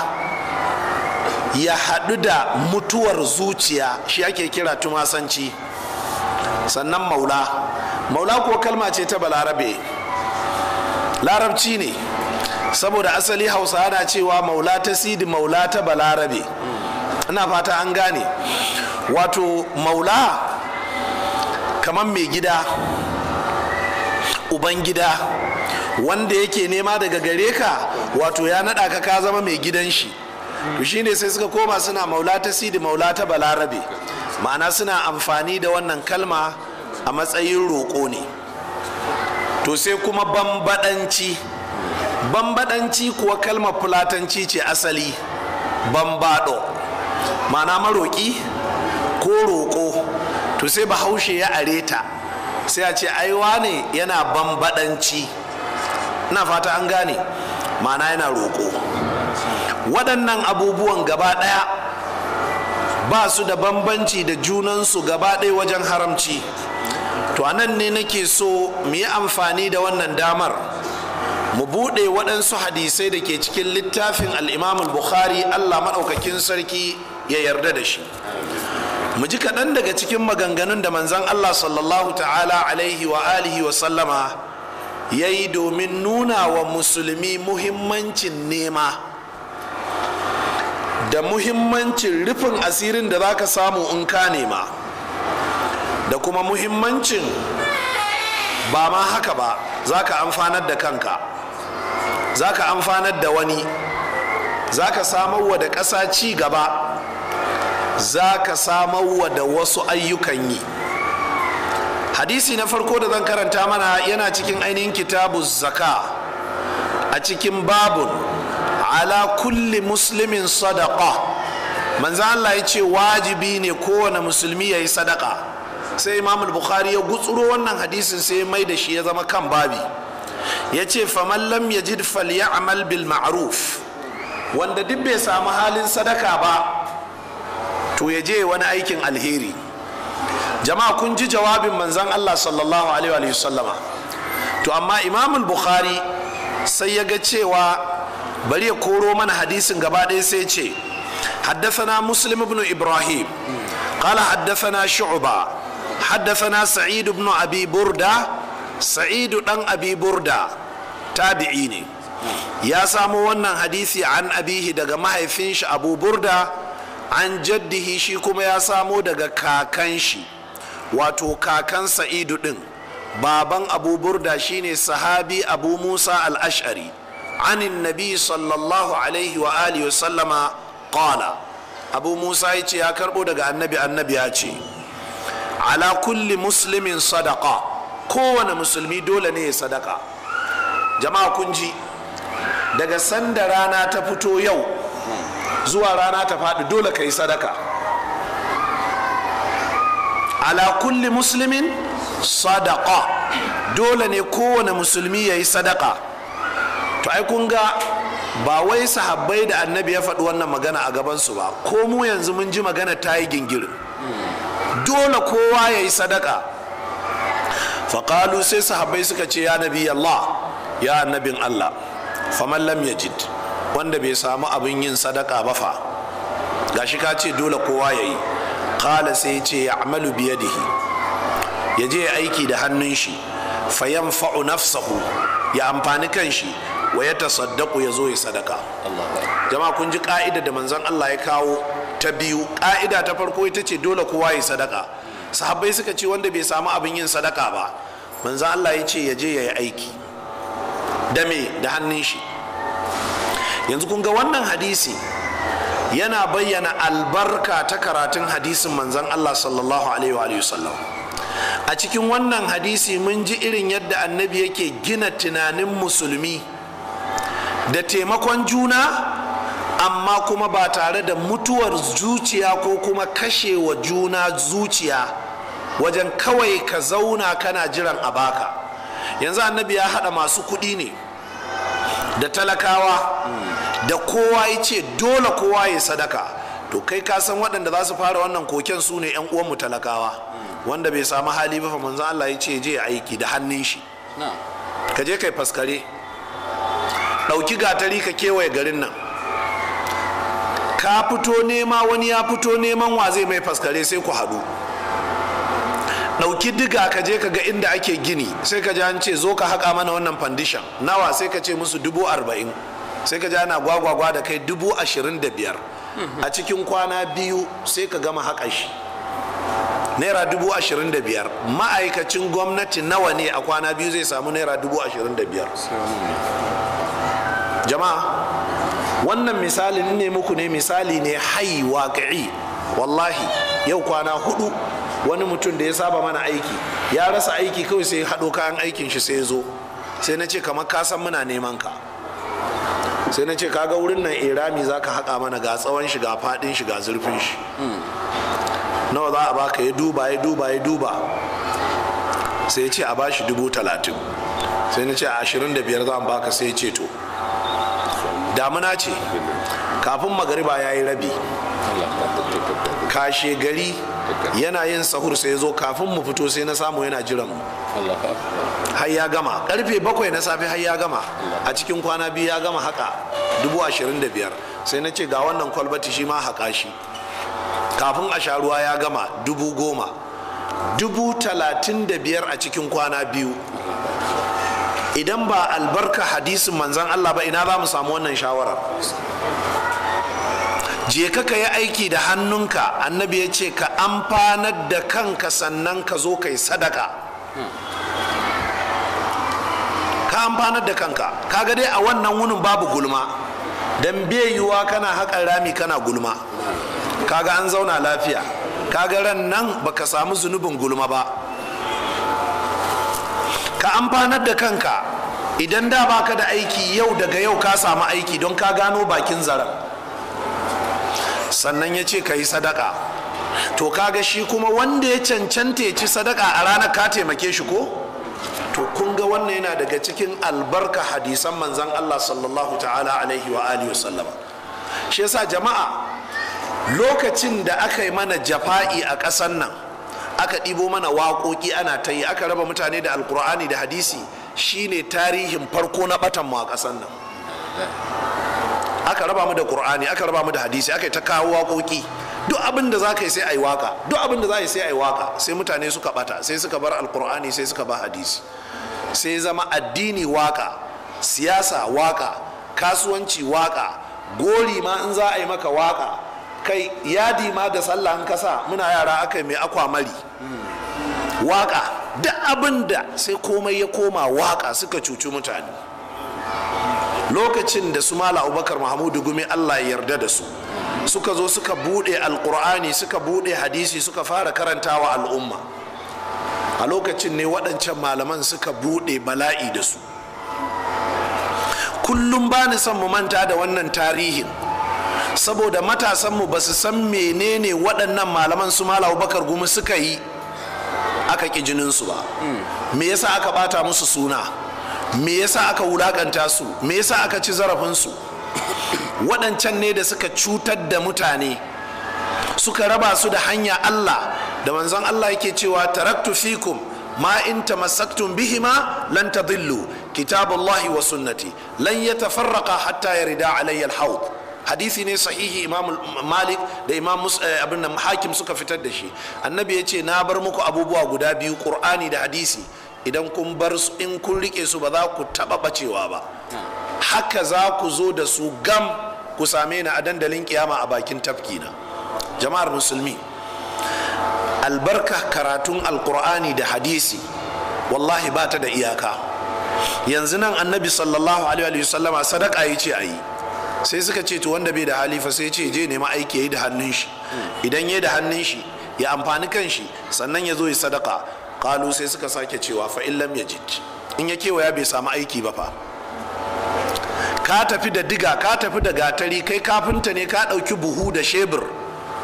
Speaker 1: ya haɗu da mutuwar zuciya shi ake kira tumasanci sannan maula maula kuwa kalma ce ta balarabe larabci ne saboda asali hausa ana cewa maula ta sidi maula ta balarabe ina fata an gane wato maula kamar mai gida uban gida wanda yake nema daga gare ka wato ya naɗa ka ka zama mai gidan shi to shine sai suka koma suna maula ta sidi maula ta balarabe ma'ana suna amfani da wannan kalma a matsayin roƙo ne to sai kuma bambadanci bambadanci kuwa kalmar fulatanci ce asali bambado mana maroƙi ko roƙo to sai bahaushe ya are ta sai a ce aiwa ne yana bambadanci na fata an gane mana yana roƙo waɗannan abubuwan gaba ɗaya ba su da bambanci da junansu gaba ɗaya wajen haramci to anan ne nake so mu yi amfani da wannan damar mu buɗe waɗansu hadisai da ke cikin littafin al'imamul bukhari allah maɗaukakin sarki ya yarda da shi mu ji kaɗan daga cikin maganganun da manzan allah sallallahu ta'ala alaihi wa alihi wa sallama ya yi domin nuna wa musulmi muhimmancin nema da muhimmancin rufin asirin da za ka samu in ka nema kuma muhimmancin ba ma haka ba za ka amfanar da kanka za ka amfanar da wani za ka samarwa da ƙasa ci gaba za ka samarwa da wasu ayyukan yi hadisi na farko da zan karanta mana yana cikin ainihin kitabu zaka a cikin babun ala kulli muslimin sadaka manzo Allah ya ce wajibi ne kowane musulmi ya yi sadaka sai imam bukhari ya gutsuro wannan hadisin sai mai da shi ya zama kan babi ya ce faman lam yajid falyamal bil ma'ruf wanda duk bai samu halin sadaka ba to ya je wani aikin alheri jama'a kun ji jawabin manzon Allah sallallahu alaihi wa sallama to amma imam bukhari sai ya ga cewa bari ya koro mana hadisin gaba ɗaya sai ce حدثنا مسلم بن ابراهيم قال حدثنا شعبه حدثنا سعيد Sa'idu أبي بردة Sa'idu بن أبي بردة تابعيني Ya samo wannan hadisi an abihi daga mahaifin shi Abuburda Burda an jaddihi shi kuma ya samo daga kakan shi wato kakan Sa'idu din baban Abuburda shine sahabi Abu Musa al-Ash'ari anin nabi sallallahu alaihi wa alihi wa sallama qala Abu Musa ya ce ya karbo daga annabi annabi ya ce ala kulli muslimin sadaka kowane musulmi dole ne ya sadaka jama'a kun ji daga sanda rana ta fito yau zuwa rana ta faɗi dole ka yi sadaka ala kulli musulmin sadaka dole ne kowane musulmi ya yi sadaka to ai kun ga ba wai sahabbai da annabi ya faɗi wannan magana a gabansu ba ko mu yanzu mun ji magana ta yi gingirin dole kowa ya yi sadaka faƙalu sai sahabbai suka ce ya nabi Allah ya annabin Allah faman lam yajid wanda bai samu abin yin sadaka ba fa gashi ka ce dole kowa ya yi Ƙala sai ce ya amalu hi. ya je aiki da hannun shi fayan fa'u nafsahu ya amfani kan shi wa ya tasaddaku ya zo ya sadaka jama'a kun ji ka'ida da manzon Allah ya kawo ta biyu ƙa'ida ta farko ita ce dole kowa ya sadaka sahabbai suka ce wanda bai samu abin yin sadaka ba manzo Allah ya ce ya je ya yi aiki Dame da hannun shi yanzu kun ga wannan hadisi yana bayyana albarka ta karatun hadisin manzon Allah sallallahu alaihi wa sallam a cikin wannan hadisi mun ji irin yadda annabi yake gina tunanin musulmi da taimakon juna amma kuma ba tare da mutuwar zuciya ko kuma kashe wa juna zuciya wajen kawai ka zauna kana jiran a baka yanzu annabi ya haɗa masu kuɗi ne da talakawa da kowa ya ce dole kowa ya sadaka to kai ka san waɗanda za su fara wannan koken su ne 'yan uwanmu talakawa wanda bai samu hali ba manzo Allah ya ce je aiki da hannun shi ka je kai faskare ɗauki gatari ka kewaye garin nan ka fito nema wani ya fito neman wa zai mai faskare sai ku haɗu ɗauki diga ka je ka ga inda ake gini sai ka an ce zo ka haƙa mana wannan fandishan nawa sai ka ce musu dubu arba'in sai ka ana gwagwagwa da kai dubu ashirin da biyar a cikin kwana biyu sai ka gama haƙa shi naira dubu ashirin da biyar ma'aikacin gwamnati nawa ne a kwana biyu zai samu naira dubu ashirin da biyar jama'a wannan misalin ne muku ne misali ne hai waƙi wallahi yau kwana hudu wani mutum da ya saba mana aiki ya rasa aiki kawai sai haɗo kayan aikin shi sai zo sai na ce kamar ka san muna neman ka sai na ce kaga wurin nan irami eh, za ka haƙa mana ga tsawon shi ga faɗin shi ga zurfin shi nawa za a baka ya duba ya duba ya duba sai ce a ba shi dubu talatin sai na ce a ashirin da biyar za baka sai ce to damuna ce kafin magariba ya yi rabi kashe gari yana yin sahur sai zo kafin mu fito sai na samu yana jiran mu har ya gama karfe bakwai na safe har ya gama a cikin kwana biyu ya gama haka dubu ashirin da biyar sai na ce ga wannan kwalbati shi ma haka shi kafin a sha ruwa ya gama dubu goma dubu talatin da biyar a cikin kwana biyu idan ba albarka hadisin manzan Allah ba ina za mu samu wannan shawarar je ka ka yi aiki da hannunka annabi ya ce ka amfanar da kanka sannan ka zo ka sadaka ka amfanar da kanka kaga dai a wannan wunin babu gulma don yiwuwa kana haƙa rami kana gulma kaga an zauna lafiya kaga ran nan baka samu zunubin gulma ba ka amfanar da kanka idan da baka da aiki yau daga yau ka samu aiki don ka gano bakin zaren sannan ya ce ka yi sadaka to ka ga shi kuma wanda ya cancanta ya ci sadaka a ranar ka taimake shi ko to kun ga wannan yana daga cikin albarka hadisan manzan allah sallallahu ta'ala alaihi wa alihi sallama. shi yasa jama'a lokacin da aka yi mana jafa'i a ƙasar nan aka ɗibo mana waƙoƙi ana ta yi aka raba mutane da alkur'ani da hadisi shine tarihin farko na batan mu a ƙasar nan aka raba mu da ƙur'ani aka raba mu da hadisi aka yi ta kawo waƙoƙi duk abin da za ka yi sai a yi waƙa duk abin da za ka yi sai a yi waƙa sai mutane suka ɓata, sai suka bar alkur'ani sai suka bar hadisi sai zama addini waƙa siyasa waƙa kasuwanci waƙa gori ma in za a yi maka waƙa kai yadi ma da sallah an kasa muna yara aka yi mai akwamari waka duk abin da sai komai ya koma waka suka cuci mutane lokacin da su mala abubakar mahamudu gumi allah ya yarda da su suka zo suka bude alkur'ani suka bude hadisi suka fara karantawa al'umma a lokacin ne waɗancan malaman suka bude bala'i da su kullum ba ni son mu manta da wannan tarihin saboda matasanmu ba su san menene waɗannan malaman su mala bakar gumi suka yi aka ƙi jininsu ba me yasa aka bata musu suna me yasa aka wulaƙanta su me yasa aka ci zarafinsu waɗancan ne da suka cutar da mutane suka raba su da hanya allah da manzon allah yake cewa taraktu fikum ma in tamassaktum bihima lan tadillu kitabullahi wa sunnati lan yatafarraqa hatta yarida alayya alayyar hadisi ne sahihi imam malik da imam eh, abin hakim suka fitar da shi annabi ya ce na bar muku abubuwa guda biyu qur'ani da hadisi idan kun bar su in kun rike su ba za ku taba bacewa ba haka za ku zo da su gam ku same ni a dandalin kiyama a bakin tafki na jama'ar musulmi albarka karatun alkur'ani da hadisi wallahi ba ta da iyaka yanzu nan annabi sallallahu alaihi wasallama sadaka ya ce a yi sai suka ce to wanda bai da hali fa sai ce je nema aiki yayi da hannun shi idan yayi da hannun shi ya amfani kan shi sannan ya zo ya sadaka kalu sai suka sake cewa fa illam ya yajid in ya kewaya bai samu aiki ba fa ka tafi da diga ka tafi da gatari kai kafinta ne ka ɗauki buhu da shebur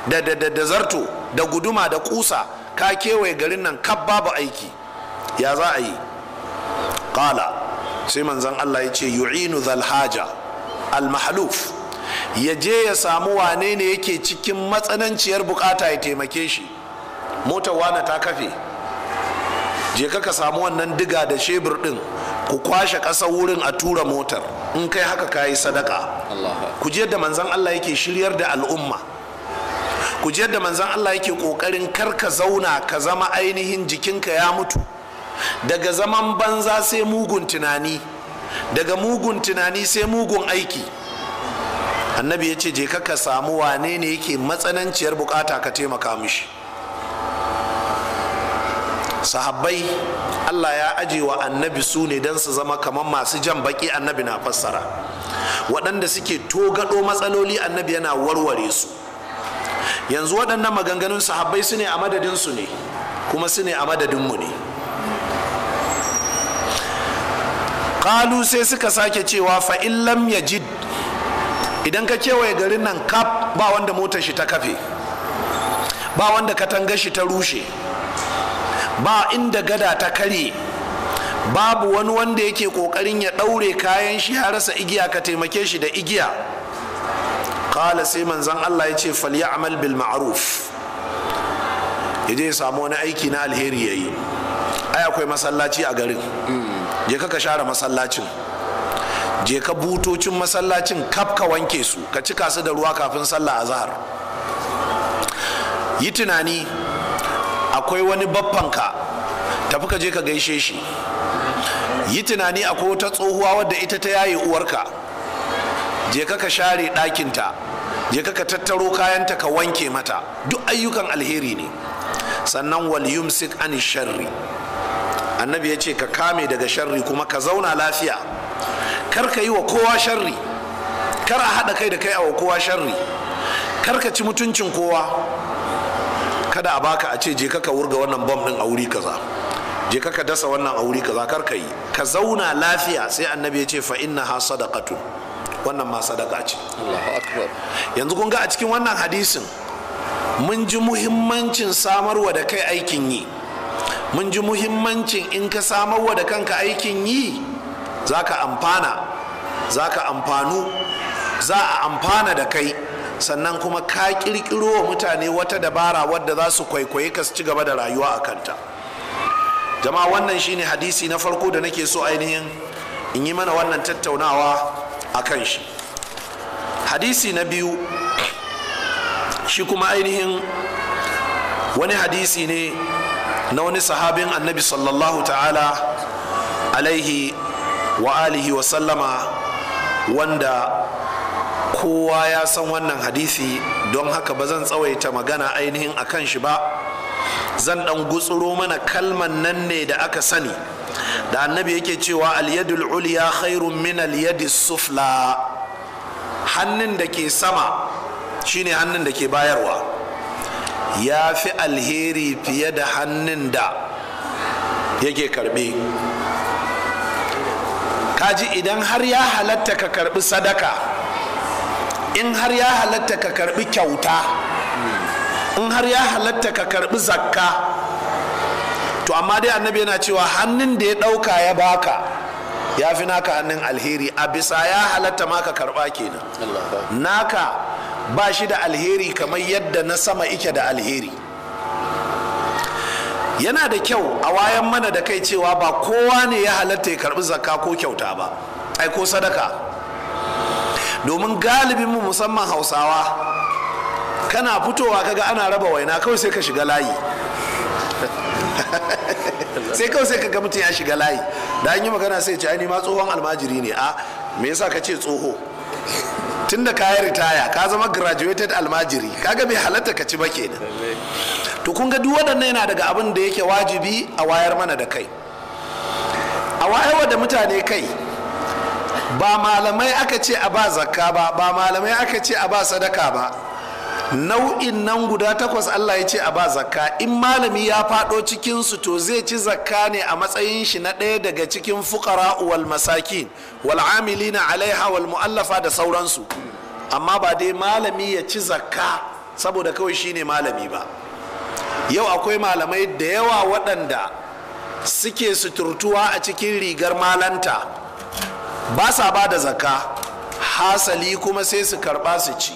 Speaker 1: da da da zarto da guduma da kusa ka kewaye garin nan kab babu aiki ya za a yi kala sai manzon allah ya ce yu'inu zal haja almahaluf ya je ya samu wane ne yake cikin matsananciyar bukata ya taimake shi motar wane ta kafe je ka samu wannan diga da shebur din ku kwashe ƙasa wurin a tura motar in kai haka kayi sadaka ku je da manzan allah yake shiryar da al'umma ku je da manzan allah yake ƙoƙarin kar ka zauna ka zama ainihin jikinka ya mutu daga zaman banza sai mugun tunani daga mugun tunani sai mugun aiki annabi ya ce je ka samu wane ne yake matsananciyar bukata ka taimaka mishi sahabbai allah ya aje wa annabi su ne don su zama kamar masu jan baki annabi na fassara waɗanda suke togado matsaloli annabi yana warware su yanzu waɗannan maganganun sahabbai su ne a madadinsu ne kuma su ne a madadinmu ne Kalu sai suka sake cewa fa illam ya yajid idan ka kewaye garin nan kaf ba wanda motar shi ta kafe ba wanda katanga shi ta rushe ba inda gada ta kare babu wani wanda yake kokarin ya ɗaure kayan shi ya rasa igiya ka taimake shi da igiya kala sai manzan Allah ya ce falyamal bil ma'ruf ya je ya samu wani aiki na alheri yayi ai akwai masallaci a garin je ka share masallacin je ka butocin masallacin kaf ka wanke su ka cika su da ruwa kafin sallah azhar yi tunani akwai wani baffan ka tafi ka je ka gaishe shi yi tunani akwai wata tsohuwa wadda ita ta yaye uwarka je ka ka share ɗakinta je ka ka tattaro kayanta ka wanke mata duk ayyukan alheri ne sannan wal yumsik an sharri annabi ya ce ka kame daga sharri kuma ka zauna lafiya kar ka yi wa kowa sharri kar a haɗa kai da kai a wa kowa sharri kar ka ci mutuncin kowa kada a baka a ce je ka wurga wannan bom ɗin a wuri kaza je ka dasa wannan a wuri kaza kar ka yi ka zauna lafiya sai annabi ya ce fa inna ha sadaqatu wannan ma sadaka ce yanzu kun ga a cikin wannan hadisin mun ji muhimmancin samarwa da kai aikin yi mun ji muhimmancin in ka samarwa da kanka aikin yi za ka amfana za ka amfanu za a amfana da kai sannan kuma ka kirkiro wa mutane wata dabara wadda za su kwaikwaye ka su ci gaba da rayuwa a kanta jama'a wannan shine hadisi na farko da nake so ainihin in yi mana wannan tattaunawa a kan shi hadisi na biyu shi kuma ainihin wani hadisi ne na wani sahabin annabi sallallahu ta'ala alaihi wa alihi wa sallama wanda kowa ya san wannan hadisi don haka ba zan tsawaita magana ainihin a kan shi ba zan dan gutsuro mana kalman nan ne da aka sani da annabi yake cewa alyadul uliya khairun min alyadis sufla hannun da ke sama shine hannun da ke bayarwa ya fi alheri fiye da hannun da yake karbe kaji idan har ya halatta ka karbi sadaka in har ya halatta ka karbi kyauta in har ya halatta ka karbi zakka to amma dai annabi yana cewa hannun da ya dauka ya baka ya fi naka hannun alheri a bisa ya halatta ma ka karba kenan naka ba shi da alheri kamar yadda na sama ike da alheri yana da kyau a wayan mana da kai cewa ba kowa ne ya halatta ya karbi zakka ko kyauta ba ai ko sadaka domin galibin mu musamman hausawa kana fitowa kaga ana raba waina kawai sai ka shiga layi [LAUGHS] sai kawai sai kaga mutum ya shiga layi da an yi magana sai ce ni ma tsohon almajiri ne a me yasa ka ce tsoho tun da kayi ritaya ka zama graduated almajiri kaga mai halatta ka ci ba kenan to kun ga duk waɗannan yana daga abin da yake wajibi a wayar mana da kai a wayarwa da mutane kai ba malamai aka ce a ba zakka ba ba malamai aka ce a ba sadaka ba nau'in nan guda takwas Allah ya ce a ba zakka in malami ya faɗo cikin su to zai ci zakka ne a matsayin shi na ɗaya daga cikin fukara wal masakin wal amilina alaiha wal mu'allafa da sauransu amma ba dai malami ya ci zakka saboda kawai shine malami ba yau akwai malamai da yawa waɗanda suke suturtuwa a cikin rigar malanta ba sa ba da zakka hasali kuma sai su karɓa su ci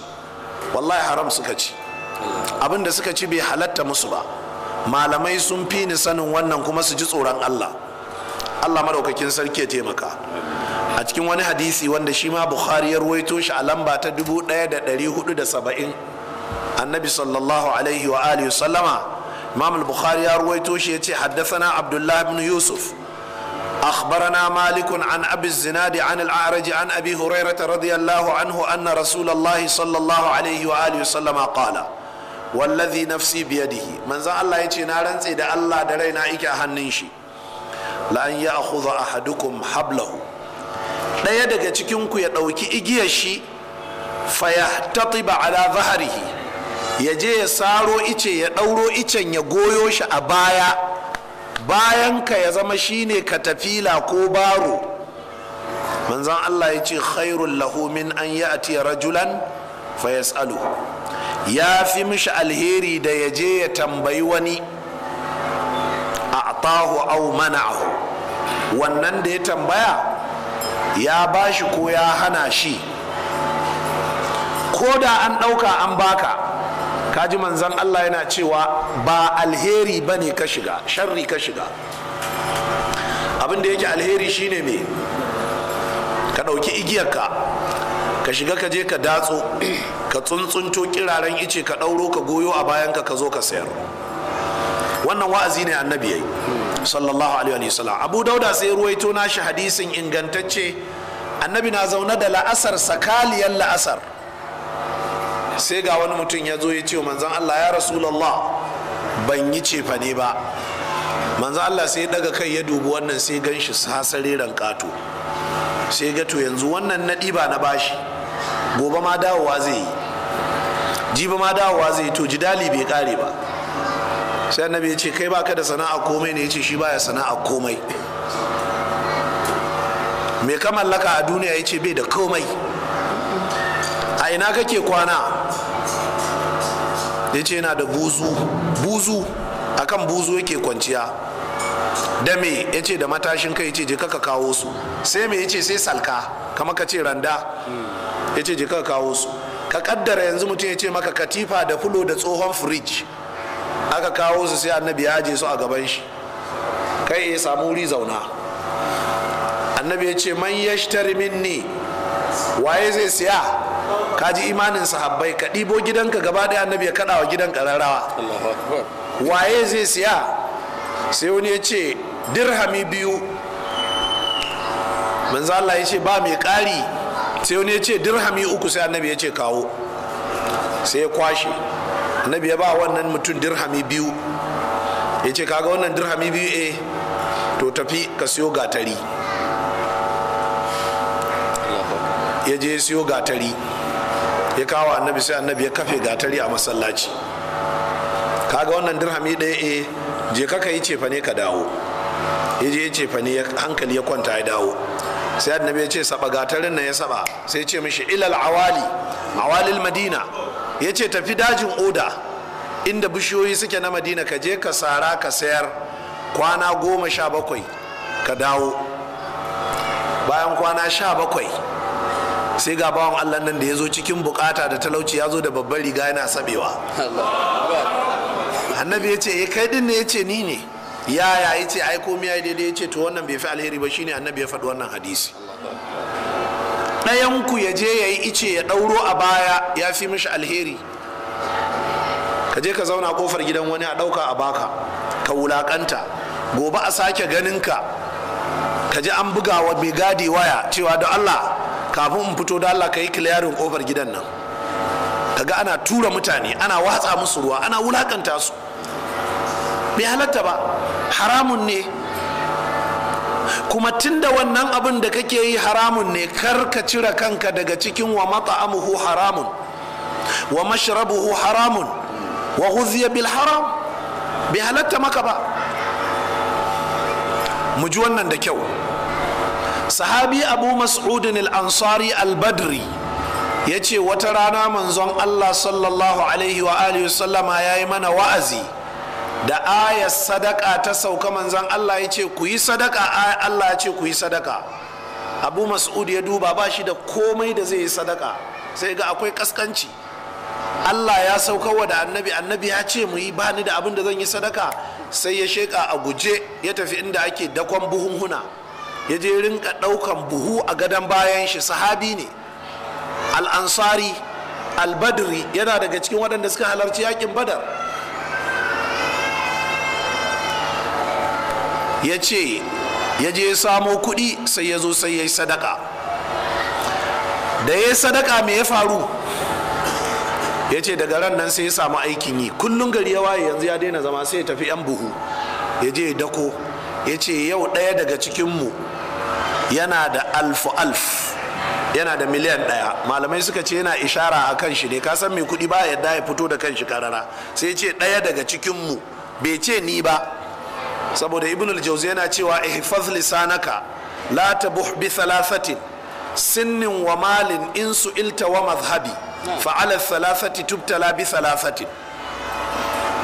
Speaker 1: wallahi haram suka ci abin da suka ci bai halatta musu ba malamai sun fi ni sanin wannan kuma su ji tsoron allah allah maɗaukakin sarki ya taimaka a cikin wani hadisi wanda shi ma bukhari ya ruwaito shi a lamba ta 1470 annabi sallallahu alaihi wa alihi sallama imam al-bukhari ya ruwaito shi ya ce haddasa abdullahi ibn yusuf أخبرنا مالك عن أبي الزناد عن الأعرج عن أبي هريرة رضي الله عنه أن رسول الله صلى الله عليه وآله وسلم قال wallazi nafsi biyadihi manzon Allah ya ce na rantse da Allah da raina ike a hannun shi la an ya'khudha ahadukum hablahu Ɗaya daga cikin ku ya ɗauki igiyar shi fayahtatiba ala zahrihi ya je ya saro ice ya ɗauro icen ya goyo shi a baya bayan ka ya zama shine katafila ko baro manzan Allah ya ce khairun lahu min an ya atiya rajulan fa yas'alu ya fi mishi alheri da ya je ya tambayi wani a atahu au mana'ahu wannan da ya tambaya ya bashi ko ya hana shi ko da an ɗauka an baka kaji manzan Allah yana cewa ba alheri ba ne ka shiga sharri ka shiga Abinda yake alheri shine me ka ɗauki igiyarka ka shiga ka je ka datso ka tsuntsunto kiraren ice ka ɗauro ka goyo a bayanka ka zo ka sayar wannan wa'azi ne annabi yayi sallallahu alaihi wa sallam abu dauda sai ruwaito nashi hadisin ingantacce annabi na zaune da la'asar sakaliyar la'asar sai ga wani mutum ya zo ya ce manzan Allah ya rasulallah ban yi cefane ba manzan Allah sai daga kai ya dubi wannan sai gan shi sasariran kato sai ga yanzu wannan na ɗiba na bashi gobe ma dawowa zai yi jibi ma dawowa zai yi to jidali bai kare ba sai annabi ya ce kai baka da sana'a komai ne ya ce shi baya sana'a komai mai ka mallaka a duniya ya ce bai da komai a ina kake kwana ya ce yana da buzu buzu akan buzu yake kwanciya da me ya ce da matashin kai ya ce je kaka kawo su sai me ya ce sai salka kama ka ce randa ya ce je kaka kawo su ka kaddara yanzu mutum ya ce maka katifa da fulo da tsohon firij aka kawo su sai annabi ya je su a gaban shi kai ya samu wuri zauna annabi ya ce man yashtari minni waye zai siya ka ji imanin sahabbai ka ɗibo gidanka gaba ɗaya annabi ya kaɗawa gidan ƙararrawa waye zai siya sai wani ya ce dirhami biyu manzo Allah ya ce ba mai ƙari sai wani ya ce dirhami uku sai annabi ya ce kawo sai ya kwashe annabi ya ba wannan mutum dirhami biyu ya ce kaga wannan dirhami biyu eh to tafi ka siyo gatari ya je siyo gatari ya kawo annabi sai annabi ya kafe gatari a masallaci kaga wannan dirhami ɗaya e je ka yi cefa ne ka dawo ya je cefa ne hankali ya kwanta ya dawo sai annabi ya ce saba gatarin nan ya saba sai ce mishi ilal awali awalil madina ya ce tafi dajin oda inda bishiyoyi suke na madina ka je ka sara ka sayar kwana goma sha bakwai ka dawo bayan kwana sha bakwai sai ga bawan allah nan da ya zo cikin bukata da talauci ya zo da babbar riga yana sabewa annabi ya ce eh, kai din ne ya ce ni ne Ya ya ce ai komai ya daidai ya ce to wannan bai fi alheri ba shine annabi ya faɗi wannan hadisi ɗayanku ya je ya yi ice ya ɗauro a baya ya fi mishi alheri ka je ka zauna kofar gidan wani a ɗauka a baka ka wulaƙanta gobe a sake ganinka ka ji an buga wa mai gadi waya cewa da allah kafin in fito da Allah ka yi kiliyarin kofar gidan nan kaga ana tura mutane ana watsa musu ruwa ana wulakanta su bai halatta ba haramun ne kuma tunda wannan abin da kake yi haramun ne kar ka cire kanka daga cikin wa mata'amuhu haramun wa mashrabuhu haramun wa huziya bil haram bai halatta maka ba mu ji wannan da kyau sahabi abu mas'udin al-ansari al-badri ya ce wata rana manzon allah sallallahu alaihi wa alihi sallama ya yi mana wa'azi da ayar sadaka ta sauka manzon allah ya ce ku yi sadaka allah ya ce ku yi sadaka abu mas'ud ya duba ba shi da komai da zai yi sadaka sai ga akwai kaskanci allah ya sauka wa da annabi annabi ya ce mu yi bani da abin da zan yi sadaka sai ya sheka a guje ya tafi inda ake dakon buhunhuna ya je rinka ɗaukan buhu a gadon bayan shi sahabi ne al'ansari albadri yana daga cikin waɗanda suka halarci yakin badar ya ce ya je samo kuɗi sai ya zo sai ya yi sadaka da ya yi sadaka mai ya faru ya ce daga ran nan sai ya samu aikin yi kullum gari ya waye yanzu ya daina zama sai ya tafi yan buhu ya je dako ya ce yau ɗaya daga cikinmu yana da alfu alf yana da miliyan ɗaya malamai suka ce yana ishara a kan shi ne ka san mai kuɗi ba yadda ya fito da kan shi karara sai ce ɗaya daga cikinmu bai ce ni ba saboda ibnul jauzi yana cewa ihfaz lisanaka la tabuh bi thalathatin sinnin wa malin in su ilta wa mazhabi fa'alar thalathati tubtala bi thalathatin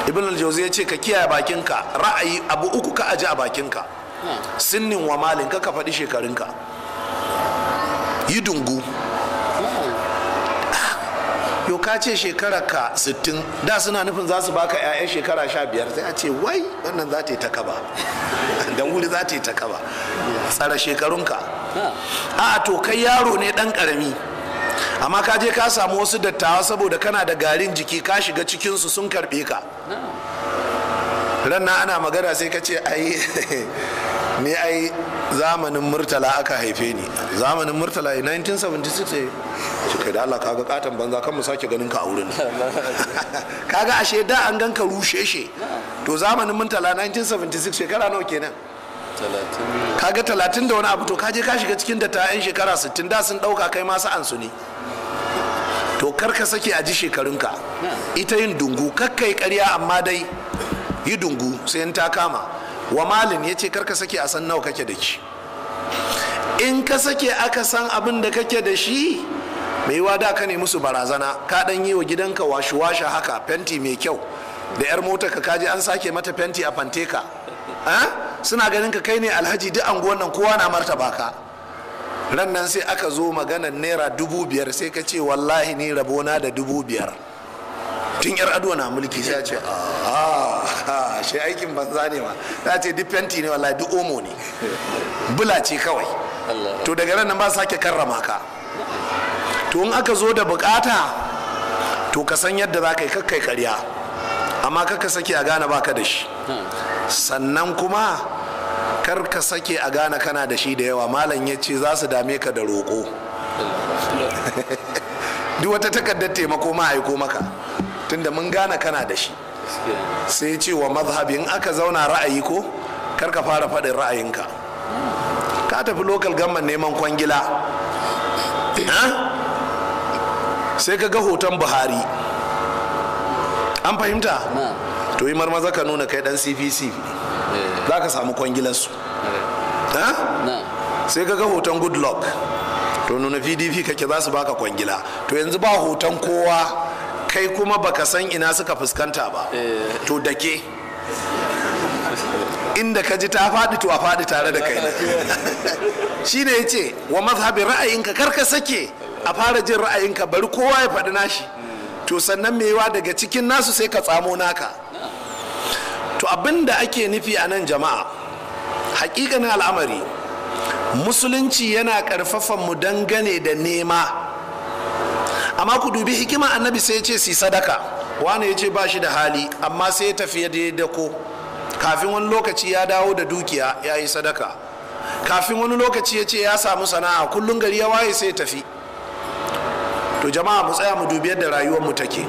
Speaker 1: ibn al ya ce ka kiyaye bakinka ra'ayi abu uku ka aji a bakinka sinnin wa malin ka faɗi shekarunka yi dungu yau ka ce shekara ka 60 da suna nufin za su baka 'ya'yan shekara 15 sai a ce wai wannan za ta yi ta kaba [LAUGHS] don wuri za ta yi ta kaba tsara shekarunka a to kai yaro ne dan karami amma ka je ka samu wasu dattawa saboda kana da garin jiki ka shiga cikinsu sun karbe ka ranna ana magana sai ka ce ai [LAUGHS] ni ai zamanin murtala aka haife ni zamanin murtala 1976 eh, shi eh. kai da Allah kaga katon banza kan mu sake ganin ka a wurin [LAUGHS] kaga ashe da an ganka rushe she to zamanin murtala 1976 shekara nawa kenan kaga talatin da wani abu to kaje ka shiga cikin da ta yan shekara 60 da sun dauka kai masu ansu ne to kar ka sake a ji shekarunka hmm. ita yin dungu kakkai karya amma dai yi dungu sai in ta kama wa malin ya ce karka sake a san nawa kake da shi in ka sake aka san abin da kake da shi mai yiwa da ka ne musu barazana ka dan yi wa gidanka washe washe haka fenti mai kyau da yar motar ka kaji an sake mata fenti a Fante ka. Eh? suna ganin ka kai ne alhaji duk an nan kowa na martaba ka ran nan sai aka zo maganar naira dubu biyar sai ka ce wallahi ni rabona da dubu biyar tun yar aduwa na mulki sai ce a ah. [LAUGHS] shi aikin banza ne ma na ce duk fenti ne wallahi duk omo ne bula ce kawai to daga nan nan ba sake karrama ka to in aka zo da bukata to ka san yadda za ka yi kakkai karya amma kakka sake a gane baka da shi sannan kuma kar ka sake a gane kana da shi da yawa malam ya ce za su dame ka da roƙo [LAUGHS] duk wata takardar taimako ma aiko maka tunda mun gane kana da shi sai ce wa mazhabin aka zauna ra'ayi ko kar ka fara faɗin ra'ayinka ka tafi lokal gamman neman kwangila sai ka ga hoton buhari an fahimta to yi marmaza ka nuna kai dan cpc eh. za ka samu kwangilarsu eh. sai ka ga hoton goodluck to nuna pdp kake za su baka kwangila to yanzu ba hoton kowa kai kuma baka san ina suka fuskanta ba eh. to dake inda ka ji ta faɗi to a faɗi tare da kai [LAUGHS] shi ne ya ce wa mazhabin ra'ayinka kar ka sake a fara jin ra'ayinka bari kowa ya faɗi nashi to sannan mewa daga cikin nasu sai ka tsamo naka to abin da ake nufi a nan jama'a hakikanin al'amari musulunci yana ƙarfafan mu dangane da nema amma ku dubi hikima annabi sai ya ce si sadaka wani ya ce ba shi da hali amma sai ya tafi da dako kafin wani lokaci ya dawo da dukiya ya yi sadaka kafin wani lokaci ya ce ya samu sana'a kullum gari ya waye sai ya tafi to jama'a mu tsaya mu dubi yadda rayuwar mu take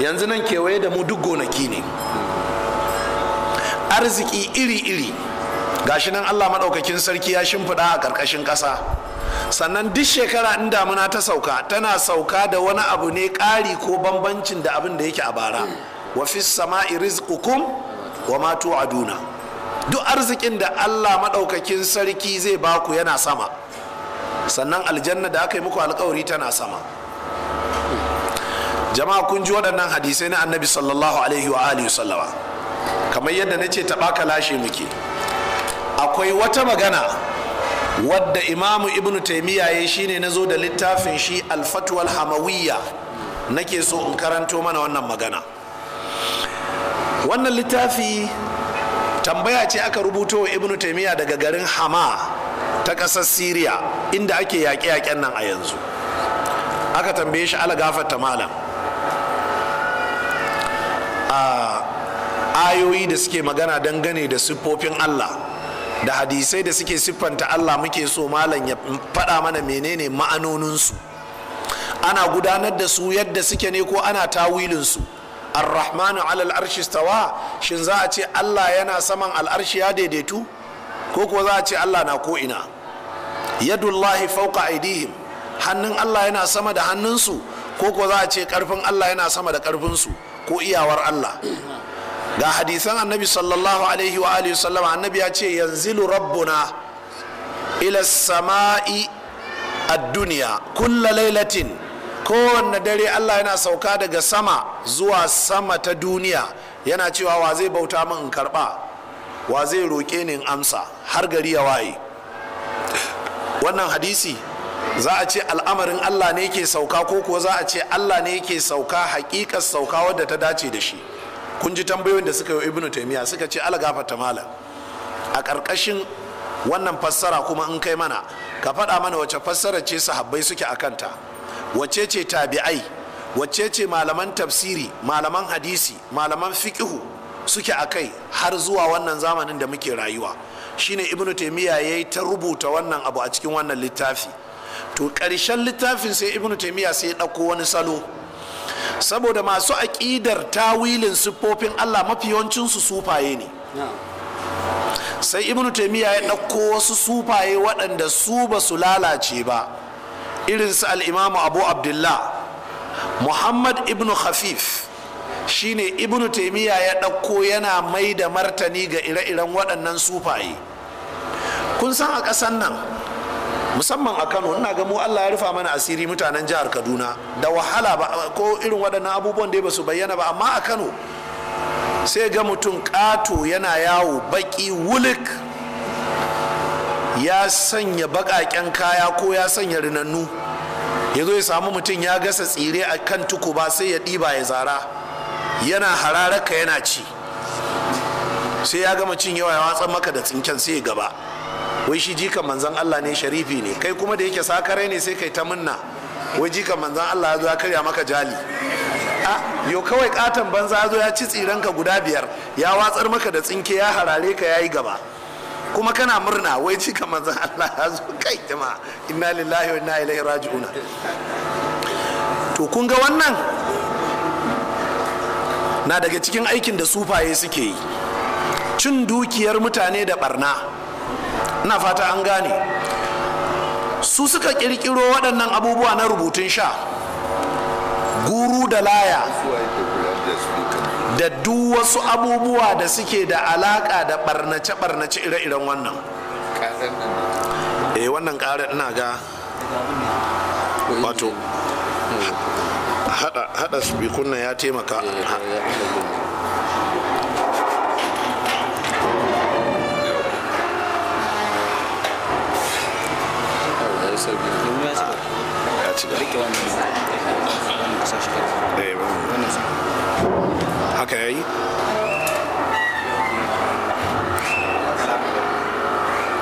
Speaker 1: yanzu nan kewaye da mu duk gonaki ne arziki iri-iri gashi nan allah maɗaukakin sarki ya shimfiɗa a ƙarƙashin ƙasa sannan duk shekara in damuna ta sauka tana sauka da wani abu ne ƙari ko bambancin da abin da yake a bara wa sama'i rizqukum wa ma tu'aduna duk arzikin da Allah maɗaukakin sarki zai baku yana sama sannan aljanna da aka yi muku alkawari tana sama jama'a kun ji waɗannan hadisai na annabi sallallahu alaihi wa alihi sallama kamar yadda na ce taɓa ka lashe muke akwai wata magana wadda imamu ibnu taimiyya ya shine na zo da littafin shi alfatuwal hamawiyya nake so in karanto mana wannan magana wannan littafi tambaya ce aka rubuto wa ibnu taimiyya daga garin hama ta ƙasar Siriya, inda ake yaƙe-yaƙen nan a yanzu aka tambaye shi alagafar ta malam a ah, ayoyi da suke magana dangane da siffofin allah da hadisai da suke siffanta Allah muke so malam ya faɗa mana menene ma'anoninsu ana gudanar da su yadda suke ne ko ana tawilinsu ar-rahmanu alal arshi stawa shin za a ce Allah yana saman al'arshi ya daidaitu ko kuwa za a ce Allah na ko ina yadullahi fauka aidihim hannun Allah yana sama da hannunsu ko kuwa za a ce karfin Allah yana sama da karfinsu ko iyawar Allah ga hadisan annabi sallallahu alaihi wa alihi wasallam annabi ya ce yanzilu rabbuna ila sama'i ad-dunya kulla lailatin kowanne dare Allah yana sauka daga sama zuwa sama ta duniya yana cewa wa zai bauta min in karba wa zai roƙe ni in amsa har gari ya waye wannan hadisi za a ce al'amarin Allah ne yake sauka ko kuwa za a ce Allah ne yake sauka hakikar sauka wadda ta dace da shi kun ji tambayoyin da suka yi ibnu taimiya suka ce algafata Mallam. a ƙarƙashin wannan fassara kuma in kai mana ka faɗa mana wace fassara ce sahabbai suke a kanta wace ce tabi'ai wace ce malaman tafsiri malaman hadisi malaman fiƙihu suke a kai har zuwa wannan zamanin da muke rayuwa shine ibnu taimiya ya yi ta rubuta wannan abu a cikin wannan littafi to ƙarshen littafin sai ibnu taimiya sai ya ɗauko wani salo saboda masu aƙidar tawilin siffofin allah mafi yawancinsu sufaye ne sai ibnu taimiyya ya ɗauko wasu sufaye waɗanda su ba su lalace ba irin su al'imamu abu abdullah muhammad ibnu khafif shine ibnu taimiyya ya ɗauko yana mai da martani ga ire-iren waɗannan sufaye kun san a ƙasan nan musamman a kano ina ga mu allah ya rufa mana asiri mutanen jihar kaduna da wahala ba ko irin waɗannan abubuwan da ba su bayyana ba amma a kano sai ga mutum ƙato yana yawo baƙi wulik ya sanya baƙaƙen kaya ko ya sanya rinannu ya zo ya samu mutum ya gasa tsire a kan tuku ba sai ya ɗiba ya zara yana hararaka yana ci sai ya gama cin yawa ya watsa maka da tsinken sai ya gaba wai shi jika manzan Allah ne sharifi ne kai kuma da yake sakare ne sai kai ta munna wai jika manzan Allah ya zo ya karya maka jali a yau kawai katon banza ya zo ya ci tsiranka guda biyar ya watsar maka da tsinke ya harare ka ya yi gaba kuma kana murna wai jika manzan Allah ya zo kai jama inna lillahi wa inna ilaihi raji'un to kun ga wannan na daga cikin aikin da sufaye suke yi cin dukiyar mutane da barna ina fata an gane su suka kirkiro waɗannan abubuwa na rubutun sha guru da laya da duk wasu abubuwa da suke da alaka da barnace-barnace ire-iren wannan e wannan ina ga wato hada ya taimaka eh, sauki domin ya ci ya ci da rike wannan eh,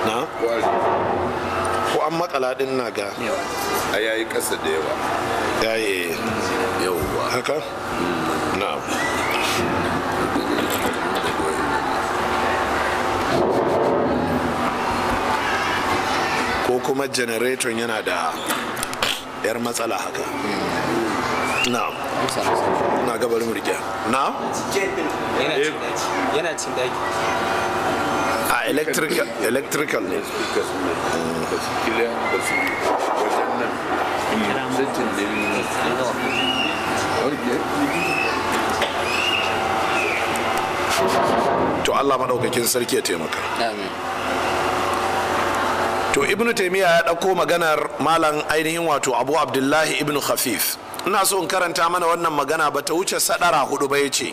Speaker 1: na ko an makala din na ga a yayi kasa da yawa haka mm. kuma generator yana da yar matsala haka na na gabarin rikiya na yana cin daki a electrical electrical ne to Allah maɗaukakin sarki ya taimaka amin to ibnu taimiyya ya ɗauko maganar malam ainihin wato abu abdullahi ibnu khafif ina so in karanta mana wannan magana ba ta wuce sadara hudu ba ya ce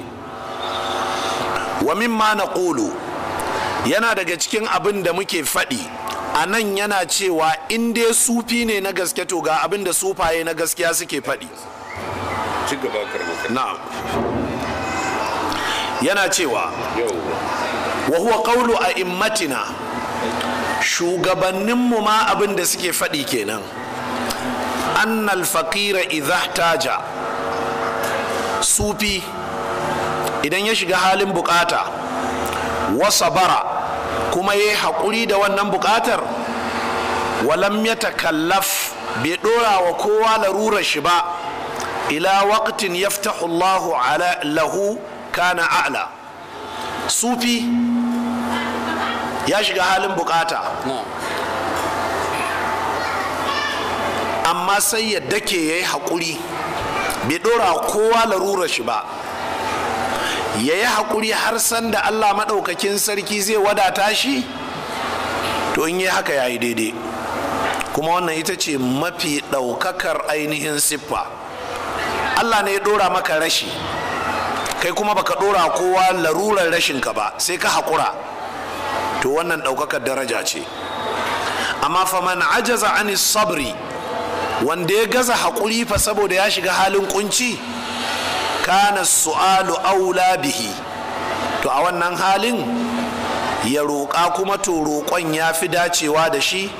Speaker 1: wa mimma na ƙulu yana daga cikin abin da muke faɗi a nan yana cewa in dai sufi ne na gaske to ga abin da sufaye na gaskiya suke faɗi yana cewa wa huwa qawlu a immatina shugabanninmu ma abin da suke faɗi kenan annal faƙira taja. sufi idan ya shiga halin bukata wasa bara kuma ya yi haƙuri da wannan buƙatar? walam ya takallaf bai ɗora wa kowa larurar shi ba ila waqtin yaftahu Allahu ala lahu kana a'la sufi ya shiga halin bukata amma sai ya dake ya yi haƙuri bai ɗora kowa larura shi ba ya yi haƙuri har sanda allah maɗaukakin sarki zai wadata shi to in yi haka ya yi daidai kuma wannan ita ce mafi ɗaukakar ainihin siffa allah ne ya ɗora maka rashi kai kuma baka ɗora kowa larurar rashinka ba sai ka haƙura to wannan ɗaukakar daraja ce amma faman ajaza ani sabri wanda ya gaza haƙuri fa saboda ya shiga halin kunci kana su'alu aula bihi to a wannan halin ya roƙa kuma to roƙon ya fi dacewa da shi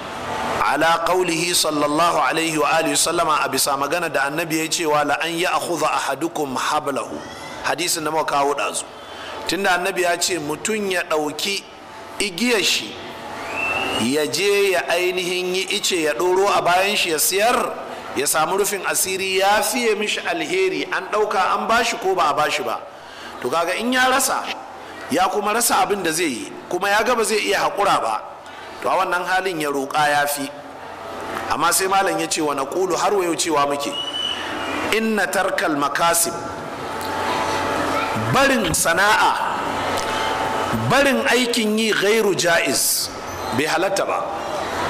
Speaker 1: ala qaulihi sallallahu alaihi wa alihi sallama a bisa magana da annabi ya cewa la an ya akhudha ahadukum hablahu hadisin da muka kawo dazu tunda annabi ya ce mutum ya ɗauki igiyar shi ya je ya ainihin yi ice ya ɗoro a bayan shi ya siyar ya samu rufin asiri ya fiye mishi alheri an ɗauka an bashi ko ba a bashi ba to kaga in ya rasa ya kuma rasa abin da zai yi kuma ya gaba zai iya haƙura ba to a wannan halin ya roƙa ya fi amma sai malam ya ce wa na ƙulu har wayo cewa muke inna tarkal makasib barin sana'a barin aikin yi gairu ja'iz bai halatta ba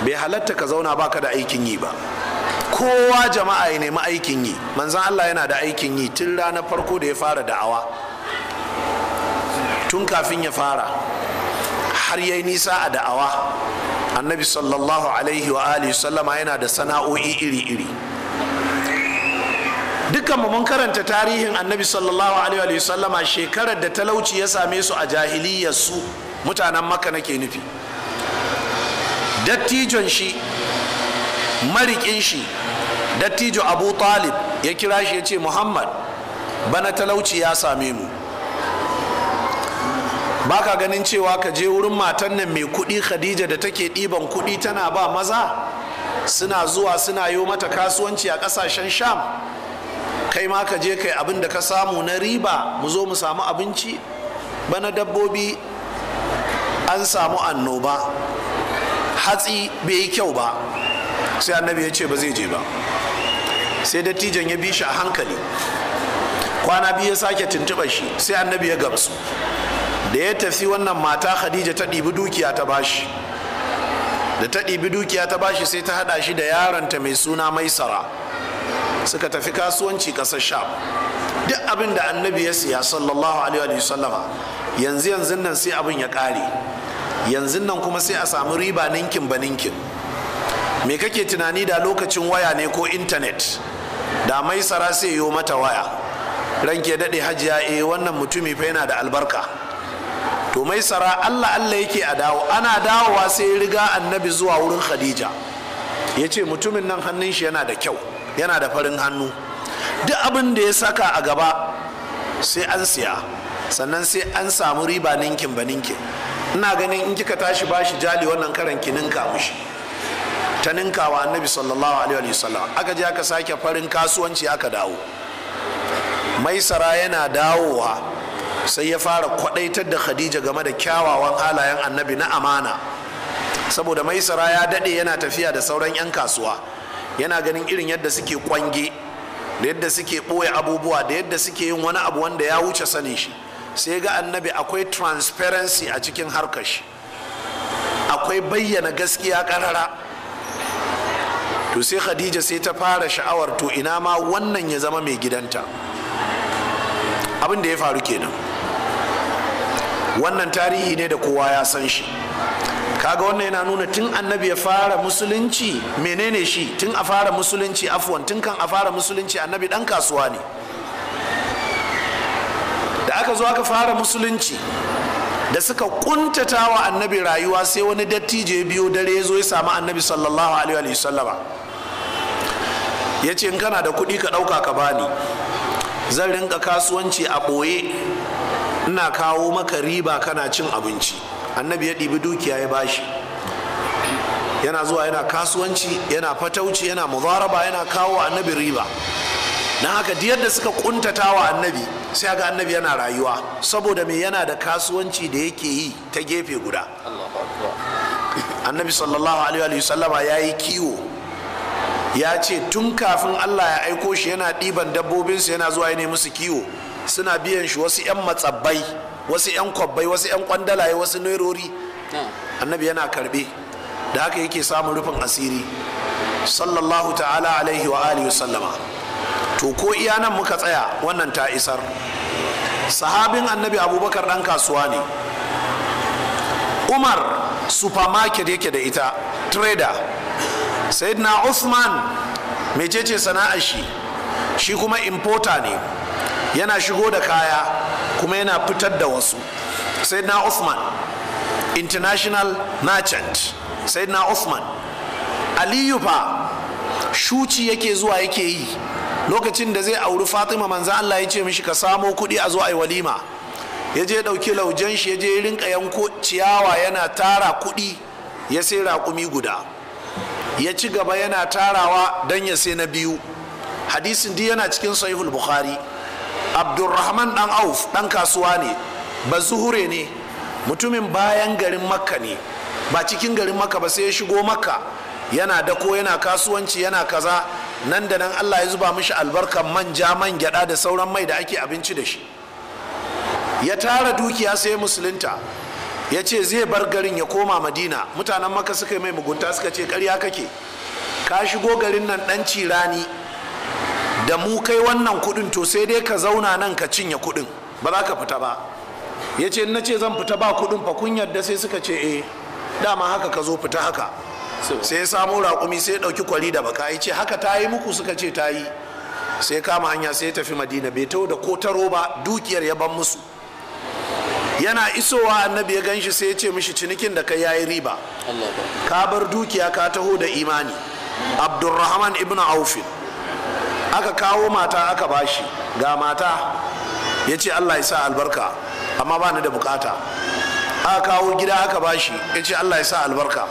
Speaker 1: bai halatta ka zauna baka da aikin yi ba kowa jama'a ya nemi aikin yi manzan Allah yana da aikin yi tun ranar farko da ya fara da'awa tun kafin ya fara har yayi nisa a da'awa annabi sallallahu alaihi wa alihi sallama yana da sana'o'i iri-iri dukkan mu mun karanta tarihin annabi sallallahu alaihi wa sallama shekarar da talauci ya same su a jahiliyyar su mutanen makka nake nufi dattijon shi marikin shi dattijo abu talib ya kira shi ya ce muhammad bana talauci ya same mu baka ganin cewa ka je wurin matan nan mai kuɗi khadija da take ɗiban kuɗi tana ba maza suna zuwa suna yi mata kasuwanci a ƙasashen sham kai ma ka je kai abin da ka samu na riba mu zo mu samu abinci bana dabbobi an samu annoba hatsi bai yi kyau ba sai annabi ya ce ba zai je ba sai dattijan ya bi shi a hankali kwana biyu ya sake tuntuɓa shi sai annabi ya gamsu da ya tafi wannan mata khadija ta ɗibi dukiya ta bashi da ta ɗibi dukiya ta bashi sai ta haɗa shi da yaronta mai suna maisara suka tafi kasuwanci kasar sham duk abin da annabi ya siya sallallahu alaihi wa sallama yanzu yanzu nan sai abin ya kare yanzu nan kuma sai a samu riba ninkin ba ninkin me kake tunani da lokacin waya ne ko intanet da mai tsara sai yo mata waya ranke daɗe hajiya eh wannan mutumi fa yana da albarka to mai tsara allah allah yake a dawo ana dawowa sai riga annabi zuwa wurin khadija ya ce mutumin nan hannun shi yana da kyau yana da farin hannu duk abin da ya saka a gaba sai an siya sannan sai an samu riba ninkin ba ninkin ina ganin in kika tashi bashi jali wannan karan ki ninka mushi ta ninkawa annabi sallallahu alaihi wasallam aka je aka sake farin kasuwanci aka dawo maisara yana dawowa sai ya fara kwadaitar da khadija game da kyawawan halayen annabi na amana saboda maisara ya dade yana tafiya da sauran 'yan kasuwa yana ganin irin yadda suke kwange da yadda suke ɓoye abubuwa da yadda suke yin wani abu wanda ya wuce sani shi sai ga annabi akwai transparency a cikin harkar shi akwai bayyana gaskiya karara to sai khadija sai ta fara sha'awar to ina ma wannan ya zama mai gidanta abin da ya faru kenan wannan tarihi ne da kowa ya san shi kaga wannan yana nuna tun annabi ya fara musulunci menene shi tun a fara musulunci afwan tun kan a fara musulunci annabi dan kasuwa ne da aka zo aka fara musulunci da suka kuntata wa annabi rayuwa sai wani dattijo ya biyo dare ya zo ya samu annabi sallallahu alaihi wa sallama ya ce in kana da kuɗi ka ɗauka ka bani zan rinka kasuwanci a ɓoye ina kawo maka riba kana cin abinci annabi ya ɗibi dukiya ya bashi yana zuwa yana kasuwanci yana fatauci yana muzaraba yana kawo annabi riba na haka duk yadda suka kuntata wa annabi sai ga annabi yana rayuwa saboda mai yana da kasuwanci da yake yi ta gefe guda annabi sallallahu alaihi wa sallama ya yi kiwo ya ce tun kafin allah ya aiko shi yana ɗiban dabbobinsa yana zuwa ya musu kiwo suna biyan shi wasu 'yan matsabbai wasu 'yan kwabbai wasu 'yan kwandalaye wasu nerori annabi yana karbe da haka yake samun rufin asiri sallallahu ta'ala alaihi wa alihi sallama to ko iya nan muka tsaya wannan ta isar sahabin annabi abubakar dan kasuwa ne umar supermarket yake da ita trader sayyidina usman mecece sana'ar shi shi kuma importer ne yana shigo da kaya kuma yana fitar da wasu sai na Uthman international merchant sai na Uthman aliyu fa shuci yake zuwa yake yi lokacin da zai auri fatima manzan allah ya ce mishi ka samo kuɗi a zo a walima ya je ɗauki laujen shi ya je rinka yanko ciyawa yana tara kuɗi ya sai raƙumi guda ya ci gaba yana tarawa dan ya sai na biyu hadisin di yana cikin sahihul bukhari Abdulrahman dan auf ɗan kasuwa ne ba zuhure ne mutumin bayan garin makka ne ba cikin garin makka ba sai ya shigo makka yana da ko yana kasuwanci yana kaza nan da nan allah ya zuba mishi albarkar manja man gyada da sauran mai da ake abinci da shi ya tara dukiya sai musulunta ya ce zai bar garin ya koma madina mutanen Makka suka yi mai mugunta suka ce karya kake ka shigo garin nan dan cirani da mu kai wannan kudin to sai dai ka zauna nan ka cinye kudin ba za ka fita ba ya ce na ce zan fita ba kudin fa kun yarda sai suka ce eh dama haka ka zo fita haka sai ya samu raƙumi sai ya ɗauki kwari da baka ya ce haka ta yi muku suka ce ta yi sai kama hanya sai ya tafi madina bai tau da ko taro ba dukiyar ya ban musu yana isowa annabi ya gan shi sai ya ce mishi cinikin da kai ya yi riba ka bar dukiya ka taho da imani Abdulrahman ibn aufin aka kawo mata aka bashi ga mata ya ce allah ya sa albarka amma ba ni da bukata aka kawo gida aka bashi ya ce allah ya sa albarka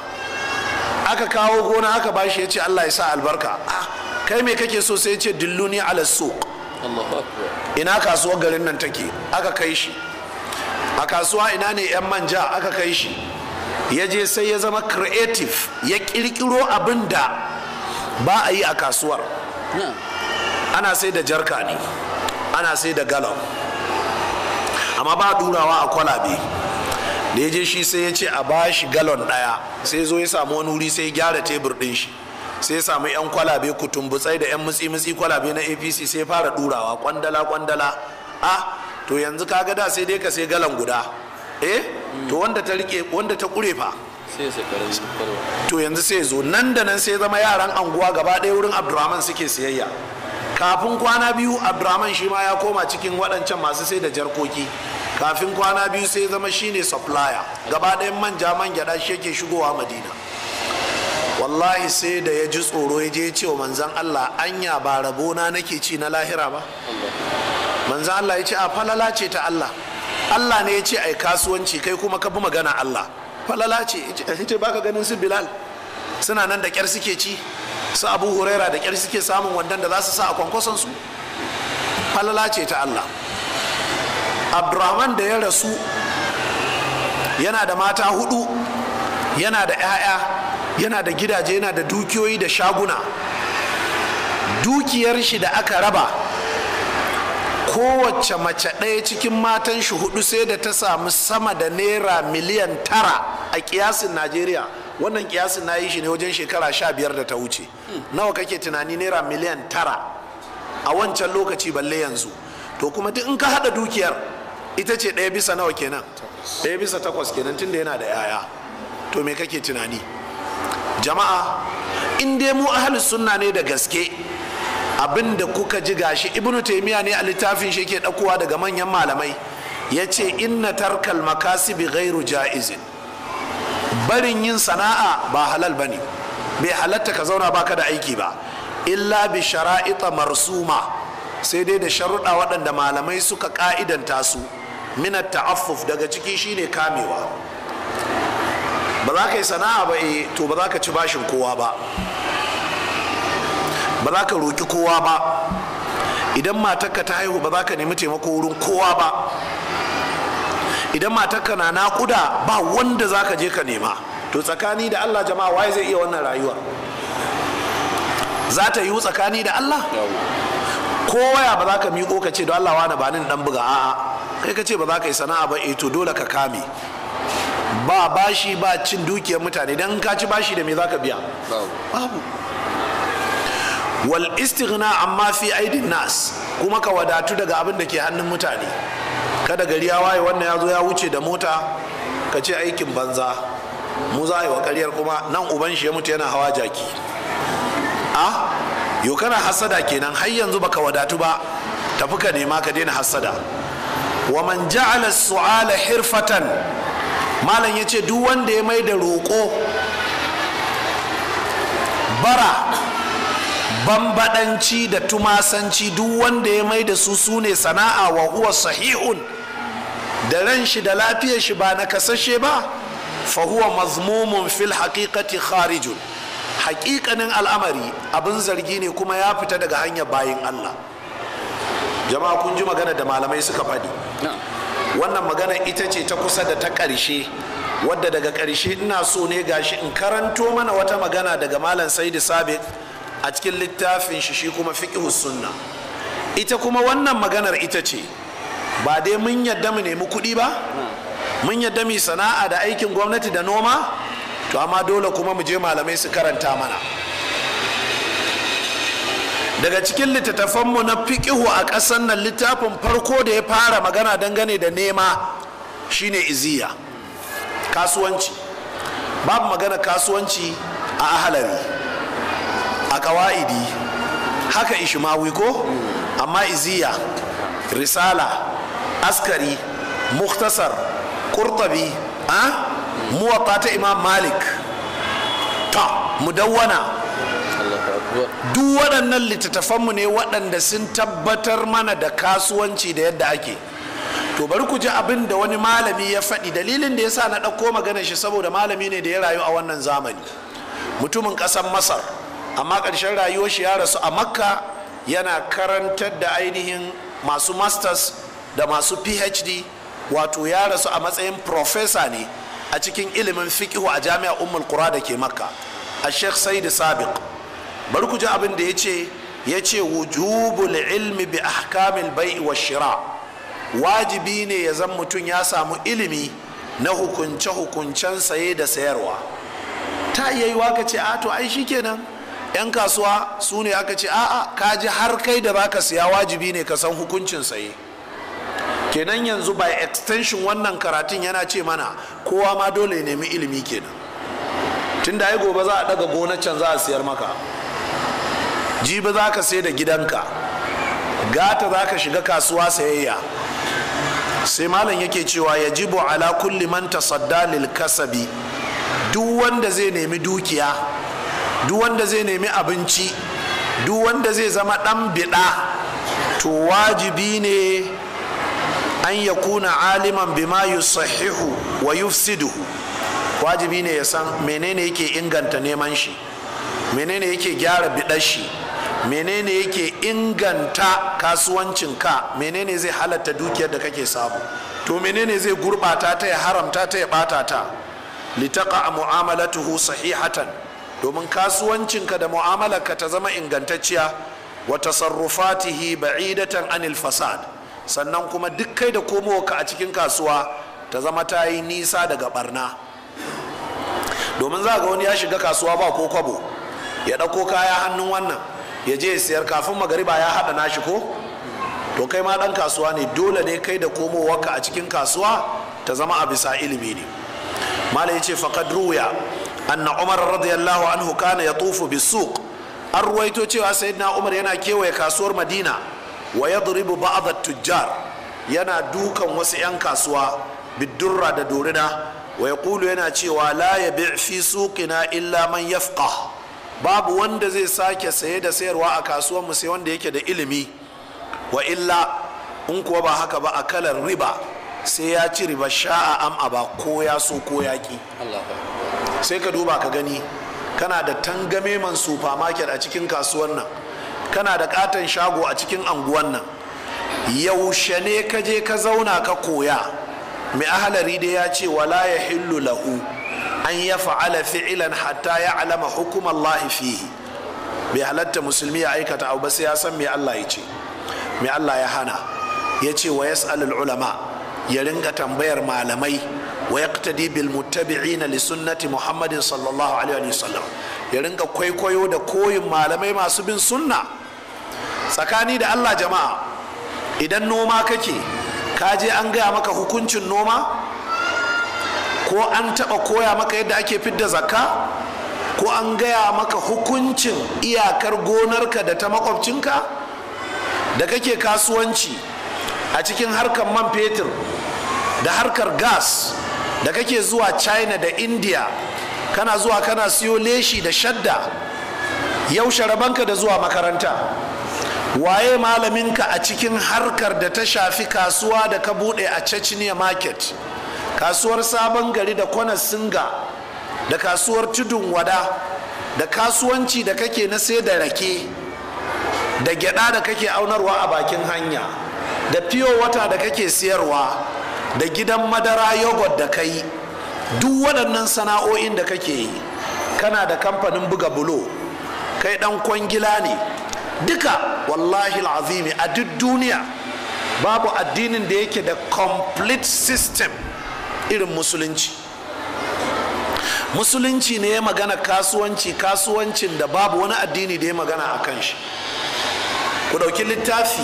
Speaker 1: aka kawo gona aka bashi ya ce allah ya sa albarka ah, kai me kake so sai ya ce dilluni ala suq ina kasuwar garin nan take aka kai shi a kasuwa ina ne 'yan manja aka kai shi ya je sai ya zama creative ya kirkiro abin da ba a yi a kasuwar ana sai da jarka ne ana sai da galon amma ba durawa a kwalabe da ya je shi sai ya ce a ba shi galon ɗaya sai zo ya samu wani wuri sai ya gyara tebur ɗin shi sai ya samu 'yan kwalabe kutumbutsai da 'yan mutsi-mutsi kwalabe na apc sai fara durawa kwandala-kwandala a to yanzu ka da sai dai ka sai galon guda eh to wanda ta rike wanda ta kure fa to yanzu sai zo nan da nan sai zama yaran anguwa gaba ɗaya wurin abdurrahman suke siyayya kafin kwana biyu abdurrahman shi ma ya koma cikin waɗancan masu sai da jarkoki kafin kwana biyu sai zama shine supplier gaba ɗayan manja man gyada shi yake shigowa madina wallahi sai da ya ji tsoro ya je cewa manzan allah anya ba rabona nake ci na lahira ba manzan allah ya ce a falala ce ta allah allah ne ya ce ai kasuwanci kai kuma ka bi magana allah falala ce ya ce baka ganin su bilal suna nan da kyar suke ci su abu huraira da kyar suke samun wandan da za su sa a kwankwason su falala ce ta allah abdurrahman da ya rasu yana da mata hudu yana da 'ya'ya yana da gidaje yana da dukiyoyi da shaguna dukiyar shi da aka raba kowace mace ɗaya cikin matan shi hudu sai da ta samu sama da naira miliyan tara a kiyasin najeriya wannan kiyasin na yi shi ne wajen shekara sha biyar da ta wuce nawa kake tunani naira miliyan tara a wancan lokaci balle yanzu to kuma duk in ka haɗa dukiyar ita ce ɗaya bisa nawa kenan ɗaya bisa takwas kenan tunda yana da yaya to me kake tunani jama'a in dai mu ahalus sunna ne da gaske abin da kuka ji gashi ibnu taimiya ne a littafin shi ke ɗakuwa daga manyan malamai ya ce inna tarkal makasibi ghairu ja'izin barin yin sana'a ba halal ba ne, bai halatta ka zauna baka da aiki ba illa bi shara'ita marsuma sai dai da sharuɗa waɗanda malamai suka ƙa'idanta su minat ta'affuf daga ciki shine kamewa ba za ka yi sana'a ba eh to ba za ka ci bashin kowa ba ba za ka roki kowa ba idan matarka ta haihu ba za ka nemi taimako wurin kowa ba idan matarka na naƙuda ba wanda za ka je ka nema to tsakani da allah jama'a waye zai iya wannan rayuwa? za ta yiwu tsakani da allah ko ya ba za ka miƙo ka ce don allah wani ba nin dan buga a'a kai ka ce ba za ka yi sana'a ba eh to dole ka kame ba bashi ba cin dukiyar mutane dan ka ci bashi da me za ka biya babu wal istighna amma fi aidin nas kuma ka wadatu daga abin da ke hannun mutane kada gari ya waye wannan ya zo ya wuce da mota ka ce aikin banza mu za a yi wa karyar kuma nan uban shi ya mutu yana hawa jaki a yau kana hasada kenan har yanzu baka wadatu ba tafi ka nema ka daina hasada wa man ja'ala su'ala hirfatan malam ya ce duk wanda ya mai da roƙo bara bambadanci da tumasanci duk wanda ya mai da su sune sana'a wa huwa sahihun da ran shi da lafiyar shi ba na kasashe ba fa huwa mazmumun fil haqiqati kharijun haƙiƙanin al'amari abin zargi ne kuma ya fita daga hanyar bayin Allah jama'a kun ji magana da malamai suka faɗi wannan magana ita ce ta kusa da ta ƙarshe wadda daga ƙarshe ina so ne gashi in karanto mana wata magana daga malam saidi sabiq a cikin littafin shi shi kuma fiqhu sunna ita kuma wannan maganar ita ce ba dai mun yadda mu nemi kuɗi ba mun yadda mu sana'a da aikin gwamnati da noma to amma dole kuma mu je malamai su karanta mana daga cikin littattafanmu na fiƙihu a ƙasar nan littafin farko da ya fara magana dangane da nema shine iziya kasuwanci babu magana kasuwanci a ahalari a kawa'idi, haka ishimawi ko amma iziya risala askari muktasar kurtabi a muwaka ta imam malik ta mudawwana duk waɗannan littattafanmu ne waɗanda sun tabbatar mana da kasuwanci da yadda ake to bari ku ji abin da wani malami ya faɗi dalilin da ya sa na ɗauko magana shi saboda malami ne da ya rayu a wannan zamani mutumin ƙasar masar amma ƙarshen rayuwar shi ya rasu a makka yana karantar da ainihin masu masters da masu phd wato ya rasu a matsayin profesa ne a cikin ilimin fikihu a jami'a ummul qura da ke makka a sheikh Saidu sabiq bari ku ji abin da ya ce ya ce wujubul ilmi bi ahkamil bai'i wa shira wajibi ne ya zan mutum ya samu ilimi na hukunce-hukuncen saye da sayarwa ta iya yi waka ce a to ai shikenan kenan 'yan kasuwa su ne aka ce a'a ka ji har kai da baka siya wajibi ne ka san hukuncin saye kenan yanzu by extension wannan karatun yana ce mana kowa ma dole ya nemi ilimi kenan tun da gobe za a daga gona can za a siyar maka jibi za ka sai da gidanka gata za ka shiga kasuwa sayayya sai malam yake cewa ya jibo ala kulli man tasadda lil kasabi duk wanda zai nemi dukiya duk wanda zai nemi abinci duk wanda zai zama dan biɗa to wajibi ne an ya kuna aliman bima sahihu wa yufsidu? wajibi ne ya san menene yake inganta neman shi menene yake gyara biɗar shi menene yake inganta kasuwancin ka menene zai halatta dukiyar da kake samu to menene zai gurbata ta ya haramta ta ya bata ta litaka a mu'amalatuhu sahihatan domin kasuwancinka da mu'amalarka ta zama ingantacciya wa tasarrufatihi ba'idatan anil fasad sannan kuma duk kai da komowarka a cikin kasuwa ta zama ta yi nisa daga barna domin za ga wani ya shiga kasuwa ba ko kwabo ya ɗauko kaya hannun wannan ya je siyar kafin magariba ya haɗa nashi ko to kai ma ɗan kasuwa ne dole ne kai da komowarka a cikin kasuwa ta zama a bisa ilimi ne malam ya ce faƙad anna umar radiyallahu anhu kana ya tufu bi an ruwaito cewa na umar yana kewaye kasuwar madina wa yadribu ba'd tujjar yana dukan wasu 'yan kasuwa bidurra da dorina wa kulu yana cewa la yabi' fi suqina illa man yafqah babu wanda zai sake saye da sayarwa a kasuwar mu sai wanda yake da ilimi wa illa in kuwa ba haka ba a kalar riba sai ya ci riba sha'a am ba, ko ya so ko ya ki sai ka duba ka gani kana da tangame man supermarket a cikin kasuwan nan kana da katon shago a cikin anguwan nan yaushe ne ka je ka zauna ka koya mai ahalari dai ya ce wala ya hillu lahu an ya fa'ala fi'ilan hatta ya alama hukumar fihi bai halatta musulmi ya aikata abu ba sai ya san mai Allah ya ce mai Allah ya hana ya ce wa yas'alul ulama ya ringa tambayar malamai ويقتدي بالمتبعين لسنة محمد صلى الله عليه وسلم يرنك كوي كوي دا كوي ما لمي ما سبين سنة سكاني دا الله جماعة إذا نوما كي كاجي أنجا مكا حكونش نوما ko an taɓa koya maka yadda ake fidda zakka ko an gaya maka hukuncin iyakar gonarka da ta makwabcinka da kake kasuwanci a cikin harkar man fetur da harkar gas da kake zuwa china da india kana zuwa kana siyo leshi da shadda yaushe rabanka da zuwa makaranta waye malaminka a cikin harkar da ta shafi kasuwa da ka bude a chechnya market kasuwar sabon gari da kwanar singa da kasuwar tudun wada da kasuwanci da kake na sai da rake da gyada da kake aunarwa a bakin hanya da fiyo wata da kake siyarwa da gidan madara yogurt da ka duk waɗannan sana'o'in da kake yi kana da kamfanin buga bulo kai ɗan kwangila ne duka wallahi azimi a duk duniya babu addinin da yake da complete system irin musulunci musulunci ne ya magana kasuwanci kasuwancin da babu wani addini da ya magana a kan shi ku ɗauki littafi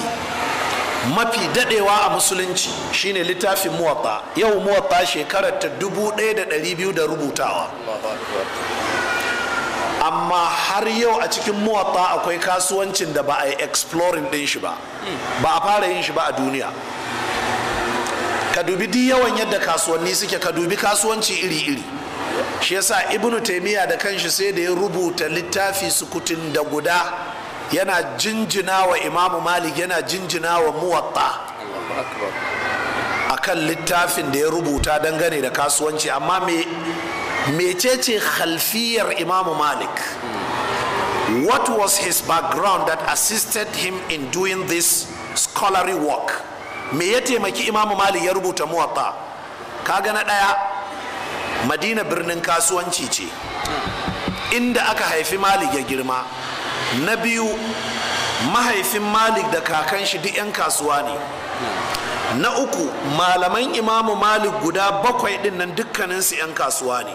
Speaker 1: mafi dadewa a musulunci shine littafin muwatta yau muwatta shekarar ta dubu ɗaya da ɗari biyu da rubutawa amma har yau a cikin muwatta akwai kasuwancin da ba a yi exploring din shi ba ba a fara yin shi ba a duniya ka dubi di yawan yadda kasuwanni suke ka dubi kasuwanci iri-iri shi yasa ibnu taimiyya da kanshi sai da ya rubuta littafi sukutun da guda yana jinjina wa imamu malik yana jinjina wa muwatta akan littafin da ya rubuta dangane da kasuwanci amma mecece halfiyar imamu malik what was his background that assisted him in doing this scholarly work me ya taimaki imamu malik ya rubuta muwatta Ka gana ɗaya madina birnin kasuwanci ce inda aka haifi malik ya girma na biyu mahaifin malik da kakan shi duk 'yan kasuwa ne na uku malaman imamu malik guda bakwai din nan dukkaninsu 'yan kasuwa ne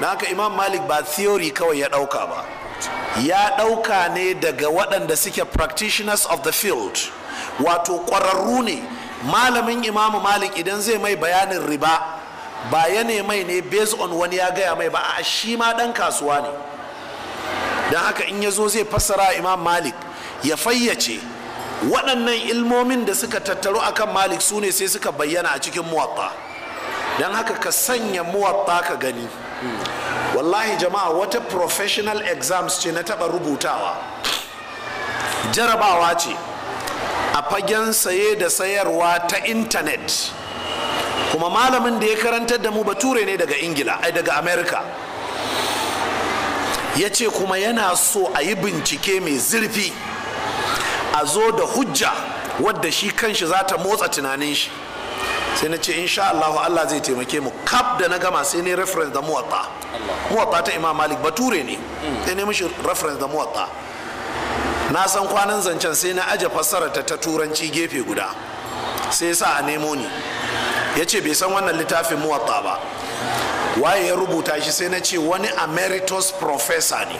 Speaker 1: na haka imam malik ba theory kawai ya ɗauka ba ya ɗauka ne daga waɗanda suke practitioners of the field wato ƙwararru ne malamin imamu malik idan zai mai bayanin riba ba ya ne mai ne based on wani ya gaya mai ba a shi ma ɗan kasuwa ne don haka in ya zo zai fassara imam malik ya fayyace waɗannan ilmomin da suka tattaru kan malik su ne sai suka bayyana a cikin muwatta don haka ka sanya muwatta ka gani wallahi jama'a wata professional exams ce na taɓa rubutawa jarabawa ce a fagen saye da sayarwa ta intanet kuma malamin da ya karantar da mu bature ne daga ingila ai daga Amerika. ya ce kuma yana so a yi bincike mai zurfi a zo da hujja wadda shi kanshi za ta motsa tunanin shi sai na ce insha Allah Allah zai taimake mu kaf da na gama sai ne reference da muwatta muwatta ta Imam Malik bature ne sai ne mishi reference da muwatta na san kwanan zancen sai na aje fassarar ta ta turanci gefe guda sai sa a nemo ni ya ce bai san wannan littafin muwatta ba waye ya rubuta shi sai na ce wani emeritus professor ne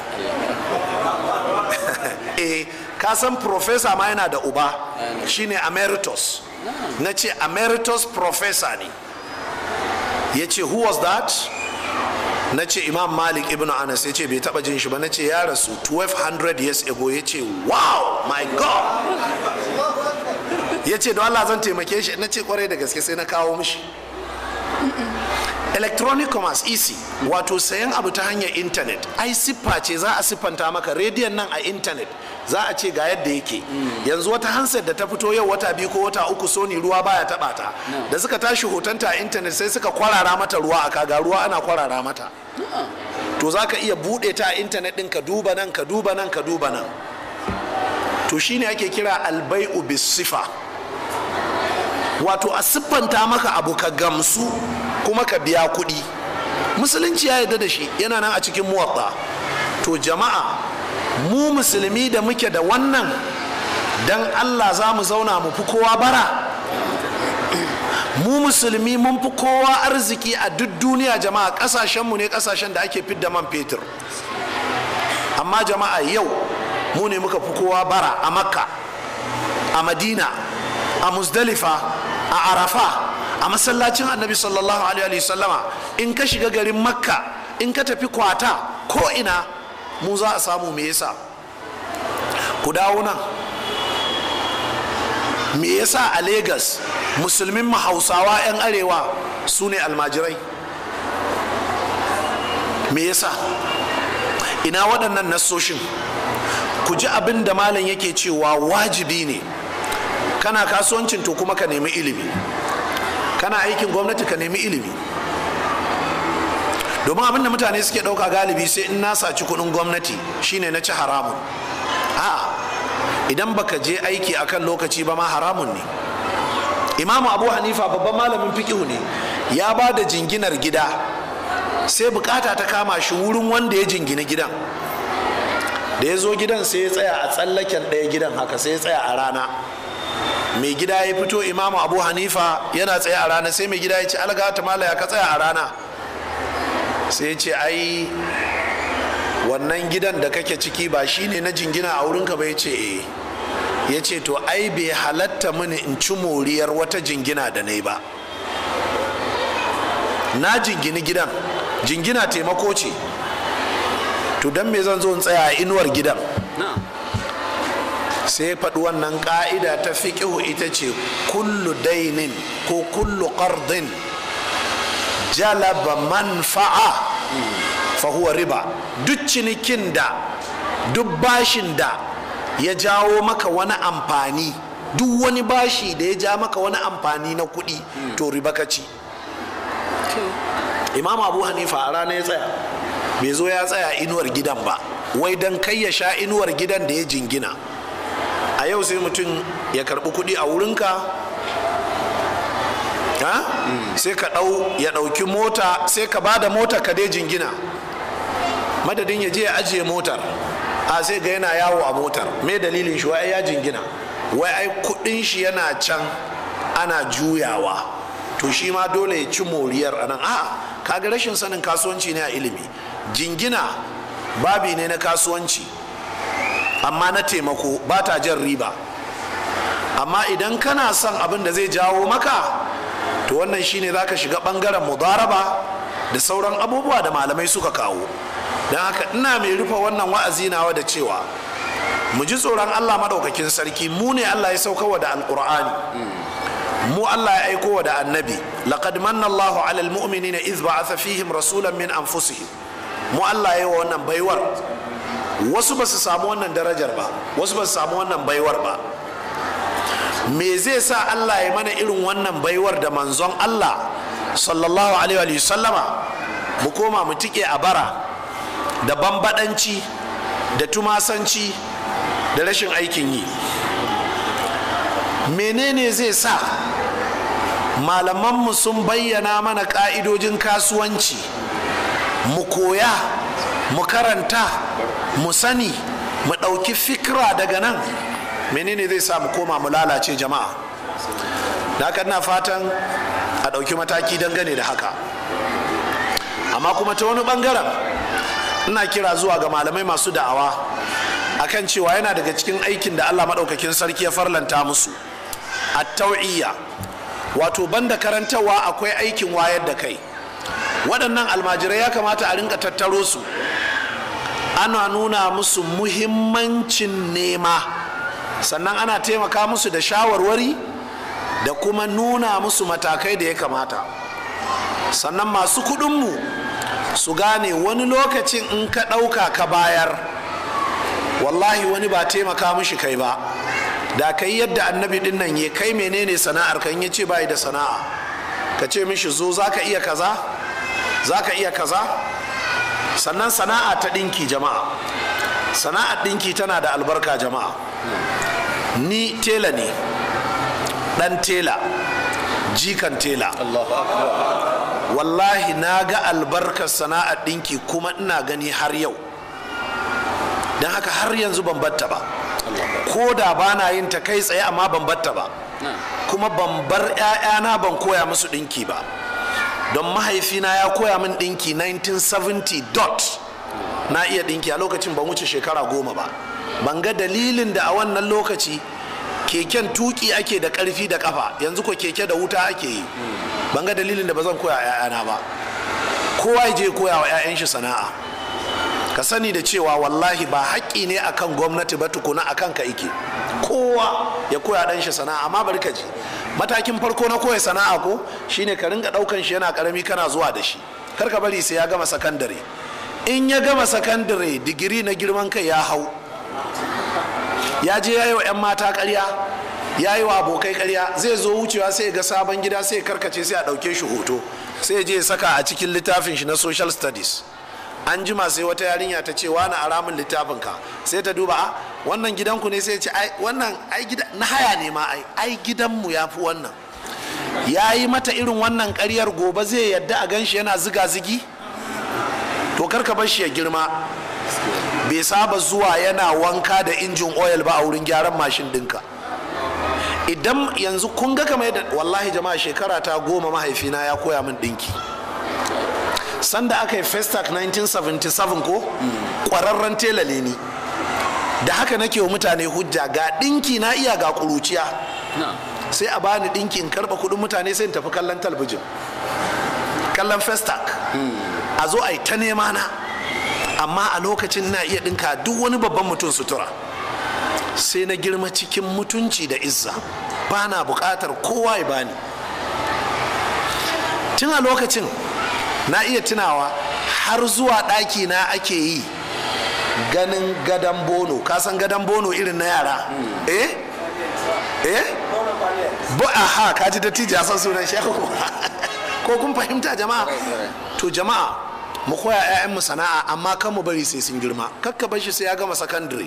Speaker 1: [LAUGHS] e ka san professor ma yana da uba shine emeritus na ce emeritus professor ne ya ce who was that na ce imam malik ibn anas ya ce bai taba jin shi ba na ce ya rasu 1200 years ago ya ce wow my god ya ce don allah zan taimake shi na ce kwarai da gaske sai na kawo mishi electronic commerce ec wato sayan abu ta hanyar intanet ai siffa ce za a siffanta maka rediyon nan a intanet za a ce ga yadda yake yanzu wata handset da ta fito yau wata biyu ko wata uku sony ruwa baya taba ta da suka tashi hotonta a intanet sai suka kwarara mata ruwa a kaga ruwa ana kwarara mata to za ka iya buɗe ta a intanet ɗin ka duba nan ka duba nan ka duba nan to shine ake kira albai'u bisifa wato a siffanta maka abu ka gamsu kuma ka biya kuɗi musulunci ya yarda da shi yana nan a cikin muwatta to jama'a mu musulmi da muke da wannan dan allah za mu zauna mu fi kowa bara mu musulmi mun fi kowa arziki a duk duniya jama'a ƙasashenmu ne ƙasashen da ake fidda man fetur amma jama'a yau mu ne muka fi kowa bara a makka a madina a musdalifa a arafa a masallacin annabi sallallahu alaihi sallama in ka shiga garin makka in ka tafi kwata ko ina mu za a samu me yasa ku dawo nan me yasa a Legas musulmin mu hausawa 'yan arewa su ne almajirai me yasa ina waɗannan nasoshin? ku ji abin da malam yake cewa wajibi ne kana kasuwancin to kuma ka nemi ilimi kana aikin gwamnati ka nemi ilimi domin abin da mutane suke ɗauka galibi sai in na saci kuɗin gwamnati shine na ci haramun a'a idan baka je aiki akan lokaci ba ma haramun ne imamu abu hanifa babban malamin fikihu ne ya ba da jinginar gida sai bukata ta kama shi wurin wanda ya jingina gidan da ya zo gidan sai ya tsaya a tsallaken ɗaya gidan haka sai ya tsaya a rana mai gida ya fito imamu abu hanifa yana tsaye a rana sai mai gida ya ce alga ta ya ka tsaya a rana sai ya ce ai wannan gidan da kake ciki ba shine na jingina a wurinka ba ya ce e ya ce to ai bai halatta mini in ci moriyar wata jingina da na ba na jingini gidan jingina taimako ce to don me zan zo in tsaya a inuwar gidan sai faɗi wannan ƙa'ida ta fiƙihu ita ce kullu dainin ko kullu ƙardin jalaba manfa'a fahuwa riba duk cinikin da duk bashin da ya jawo maka wani amfani duk wani bashi da ya ja maka wani amfani na kuɗi to riba ka ci imam abu hanifa a rana ya tsaya bai zo ya tsaya inuwar gidan ba wai don kai ya sha inuwar gidan da ya jingina a yau sai mutum ya karbi kuɗi a wurinka sai ka ɗau ya ɗauki mota sai ka bada mota ka dai jingina madadin ya je ya ajiye motar a sai ga yana yawo a motar me dalilin shi wai ya jingina wai ai kuɗin shi yana can ana juyawa to shi ma dole ya ci moriyar a anan a'a kaga rashin sanin kasuwanci ne a ilimi jingina babi ne na kasuwanci amma na taimako ba ta jan riba amma idan kana son abin da zai jawo maka to wannan shine za ka shiga bangaren mudaraba da sauran abubuwa da malamai suka kawo don haka ina mai rufe wannan wa'azi nawa da cewa mu ji tsoron allah maɗaukakin sarki mu ne allah ya saukawa da alƙur'ani mu allah ya aikowa da annabi laqad manna allahu alal mu'minina iz ba'atha fihim rasulan min anfusihim mu allah ya yi wa wannan baiwar wasu ba su samu wannan darajar ba wasu ba su samu wannan baiwar ba me zai sa allah ya mana irin wannan baiwar da manzon allah sallallahu alaihi wa sallama mu koma mu tike a bara da bambadanci da tumasanci da rashin aikin yi menene zai sa malamanmu sun bayyana mana ka'idojin kasuwanci mu koya mu karanta mu sani mu ɗauki fikira daga nan menene zai sa mu koma mu lalace jama'a da haka na fatan a ɗauki mataki dangane da haka amma kuma ta wani ɓangaren ina kira zuwa ga malamai masu da'awa akan cewa yana daga cikin aikin da allah maɗaukakin sarki ya farlanta musu a tau'iya. wato banda karantarwa akwai aikin wayar da kai waɗannan almajirai ya kamata a rinka tattaro su ana nuna musu muhimmancin nema sannan ana taimaka musu da shawarwari da kuma nuna musu matakai da ya kamata sannan masu kudinmu su gane wani lokacin in ka ɗauka ka bayar wallahi wani ba taimaka mishi kai ba da kai yadda annabi din nan ya kai menene sana'ar kan ya ce bai da sana'a ka ce mishi zo za ka iya kaza za ka iya kaza sannan sana'a ta dinki jama'a sana'a dinki tana da albarka jama'a ni tela ne Dan tela jikan tela wallahi na ga albarkar sana'a dinki kuma ina gani har yau don haka har yanzu ban ba ko da ba na yin ta kai tsaye amma ban ba kuma bambar bar 'ya'yana ban koya musu dinki ba don mahaifina ya koya min ɗinki 1970 dot na iya ɗinki a lokacin ban wuce shekara goma ba ban ga dalilin da a wannan lokaci keken tuki ake da karfi da kafa. yanzu ko keke da wuta ake yi ban ga dalilin da ba zan koya 'ya'yana ba kowa ya je koya wa 'ya'yan shi sana'a ka sani da cewa wallahi ba haƙƙi ne akan gwamnati ba tukuna akan ka ike kowa ya koya dan shi sana'a amma bari ka ji matakin farko na koya sana'a ko shine ka ringa ɗaukan shi yana karami kana zuwa da shi kar ka bari sai ya gama sakandare in ya gama sakandare digiri na girman kai ya hau ya je ya yi wa 'yan mata karya ya yi wa abokai karya zai zo wucewa sai ya ga sabon gida sai karkace sai a ɗauke shi hoto sai je ya saka a cikin littafin shi na social studies an jima sai wata yarinya ta ce wani a ramin littafin ka sai ta duba a wannan gidanku ne sai ce wannan ai gida na haya ne ma ai ai gidanmu ya fi wannan ya yi mata irin wannan karyar gobe zai yadda a ganshi yana ziga zigi to karka bar shi ya girma bai saba zuwa yana wanka da injin oil ba a wurin gyaran mashin dinka idan yanzu kun ga kamar yadda wallahi jama'a shekara ta goma mahaifina ya koya min dinki sanda aka yi festac 1977 ko kwararren telale ne da haka nake wa mutane hujja ga dinki na iya ga kuruciya sai a bani dinki in karba kudin mutane sai tafi kallon talbijin kallon festac a zo a yi ta nema na amma a lokacin na iya dinka duk wani babban mutum sutura sai na girma cikin mutunci da izza bana bukatar kowa ya bani tun a lokacin na iya tunawa har zuwa ɗaki na ake yi ganin gadon bono kasan gadon bono irin na yara hmm. eh eh Bo aha kaji da tijiya san sunan shekau [LAUGHS] ko kun fahimta jama'a to jama'a mu koya 'ya'yanmu sana'a amma kan mu bari sai sun girma kakka bar shi sai ya gama sakandare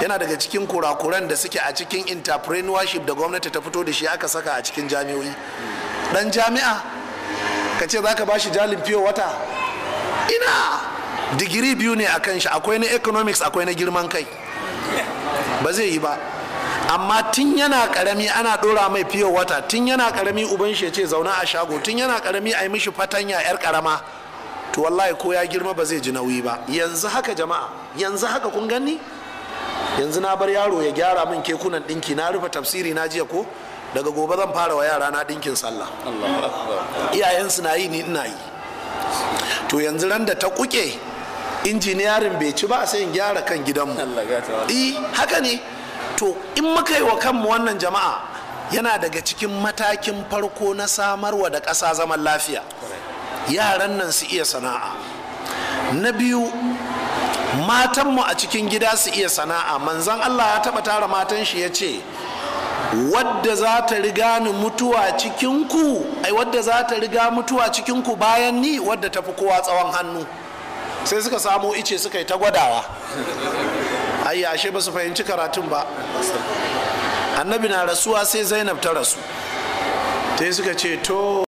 Speaker 1: yana daga cikin kurakuran da suke a cikin entrepreneurship da gwamnati ta fito da shi aka saka a cikin jami'oi dan jami'a ka ce za ka ba shi jalin fiye wata ina digiri biyu ne a kan shi akwai na economics akwai na girman kai ba zai yi ba amma tun yana karami ana dora mai fiye wata tun yana karami uban shi ce zauna a shago tun yana karami a yi mishi fatanya yar karama to wallahi ko ya girma ba zai ji nauyi ba yanzu haka jama'a yanzu haka kun gani yanzu na bar yaro ya gyara min kekunan dinki na rufe tafsiri na jiya ko daga gobe zan fara wa yara na dinkin sallah iyayensu na yi ni ina yi to yanzu ran da ta kuke injiniyarin bai ci ba sai in gyara kan gidanmu i e, haka ne to in muka yi wa kanmu wannan jama'a yana daga cikin matakin farko na samarwa da ƙasa zaman lafiya yaran nan su iya sana'a na biyu matanmu a cikin gida su iya sana'a manzan allah ya taɓa tara matan shi ya ce wadda za ta riga ni mutuwa cikinku ai wadda za ta riga mutuwa cikinku bayan ni wadda ta fi kowa tsawon hannu sai suka samo ice suka yi ta gwadawa ai ashe ba su fahimci karatun ba annabi na rasuwa sai zainab ta rasu sai suka ce to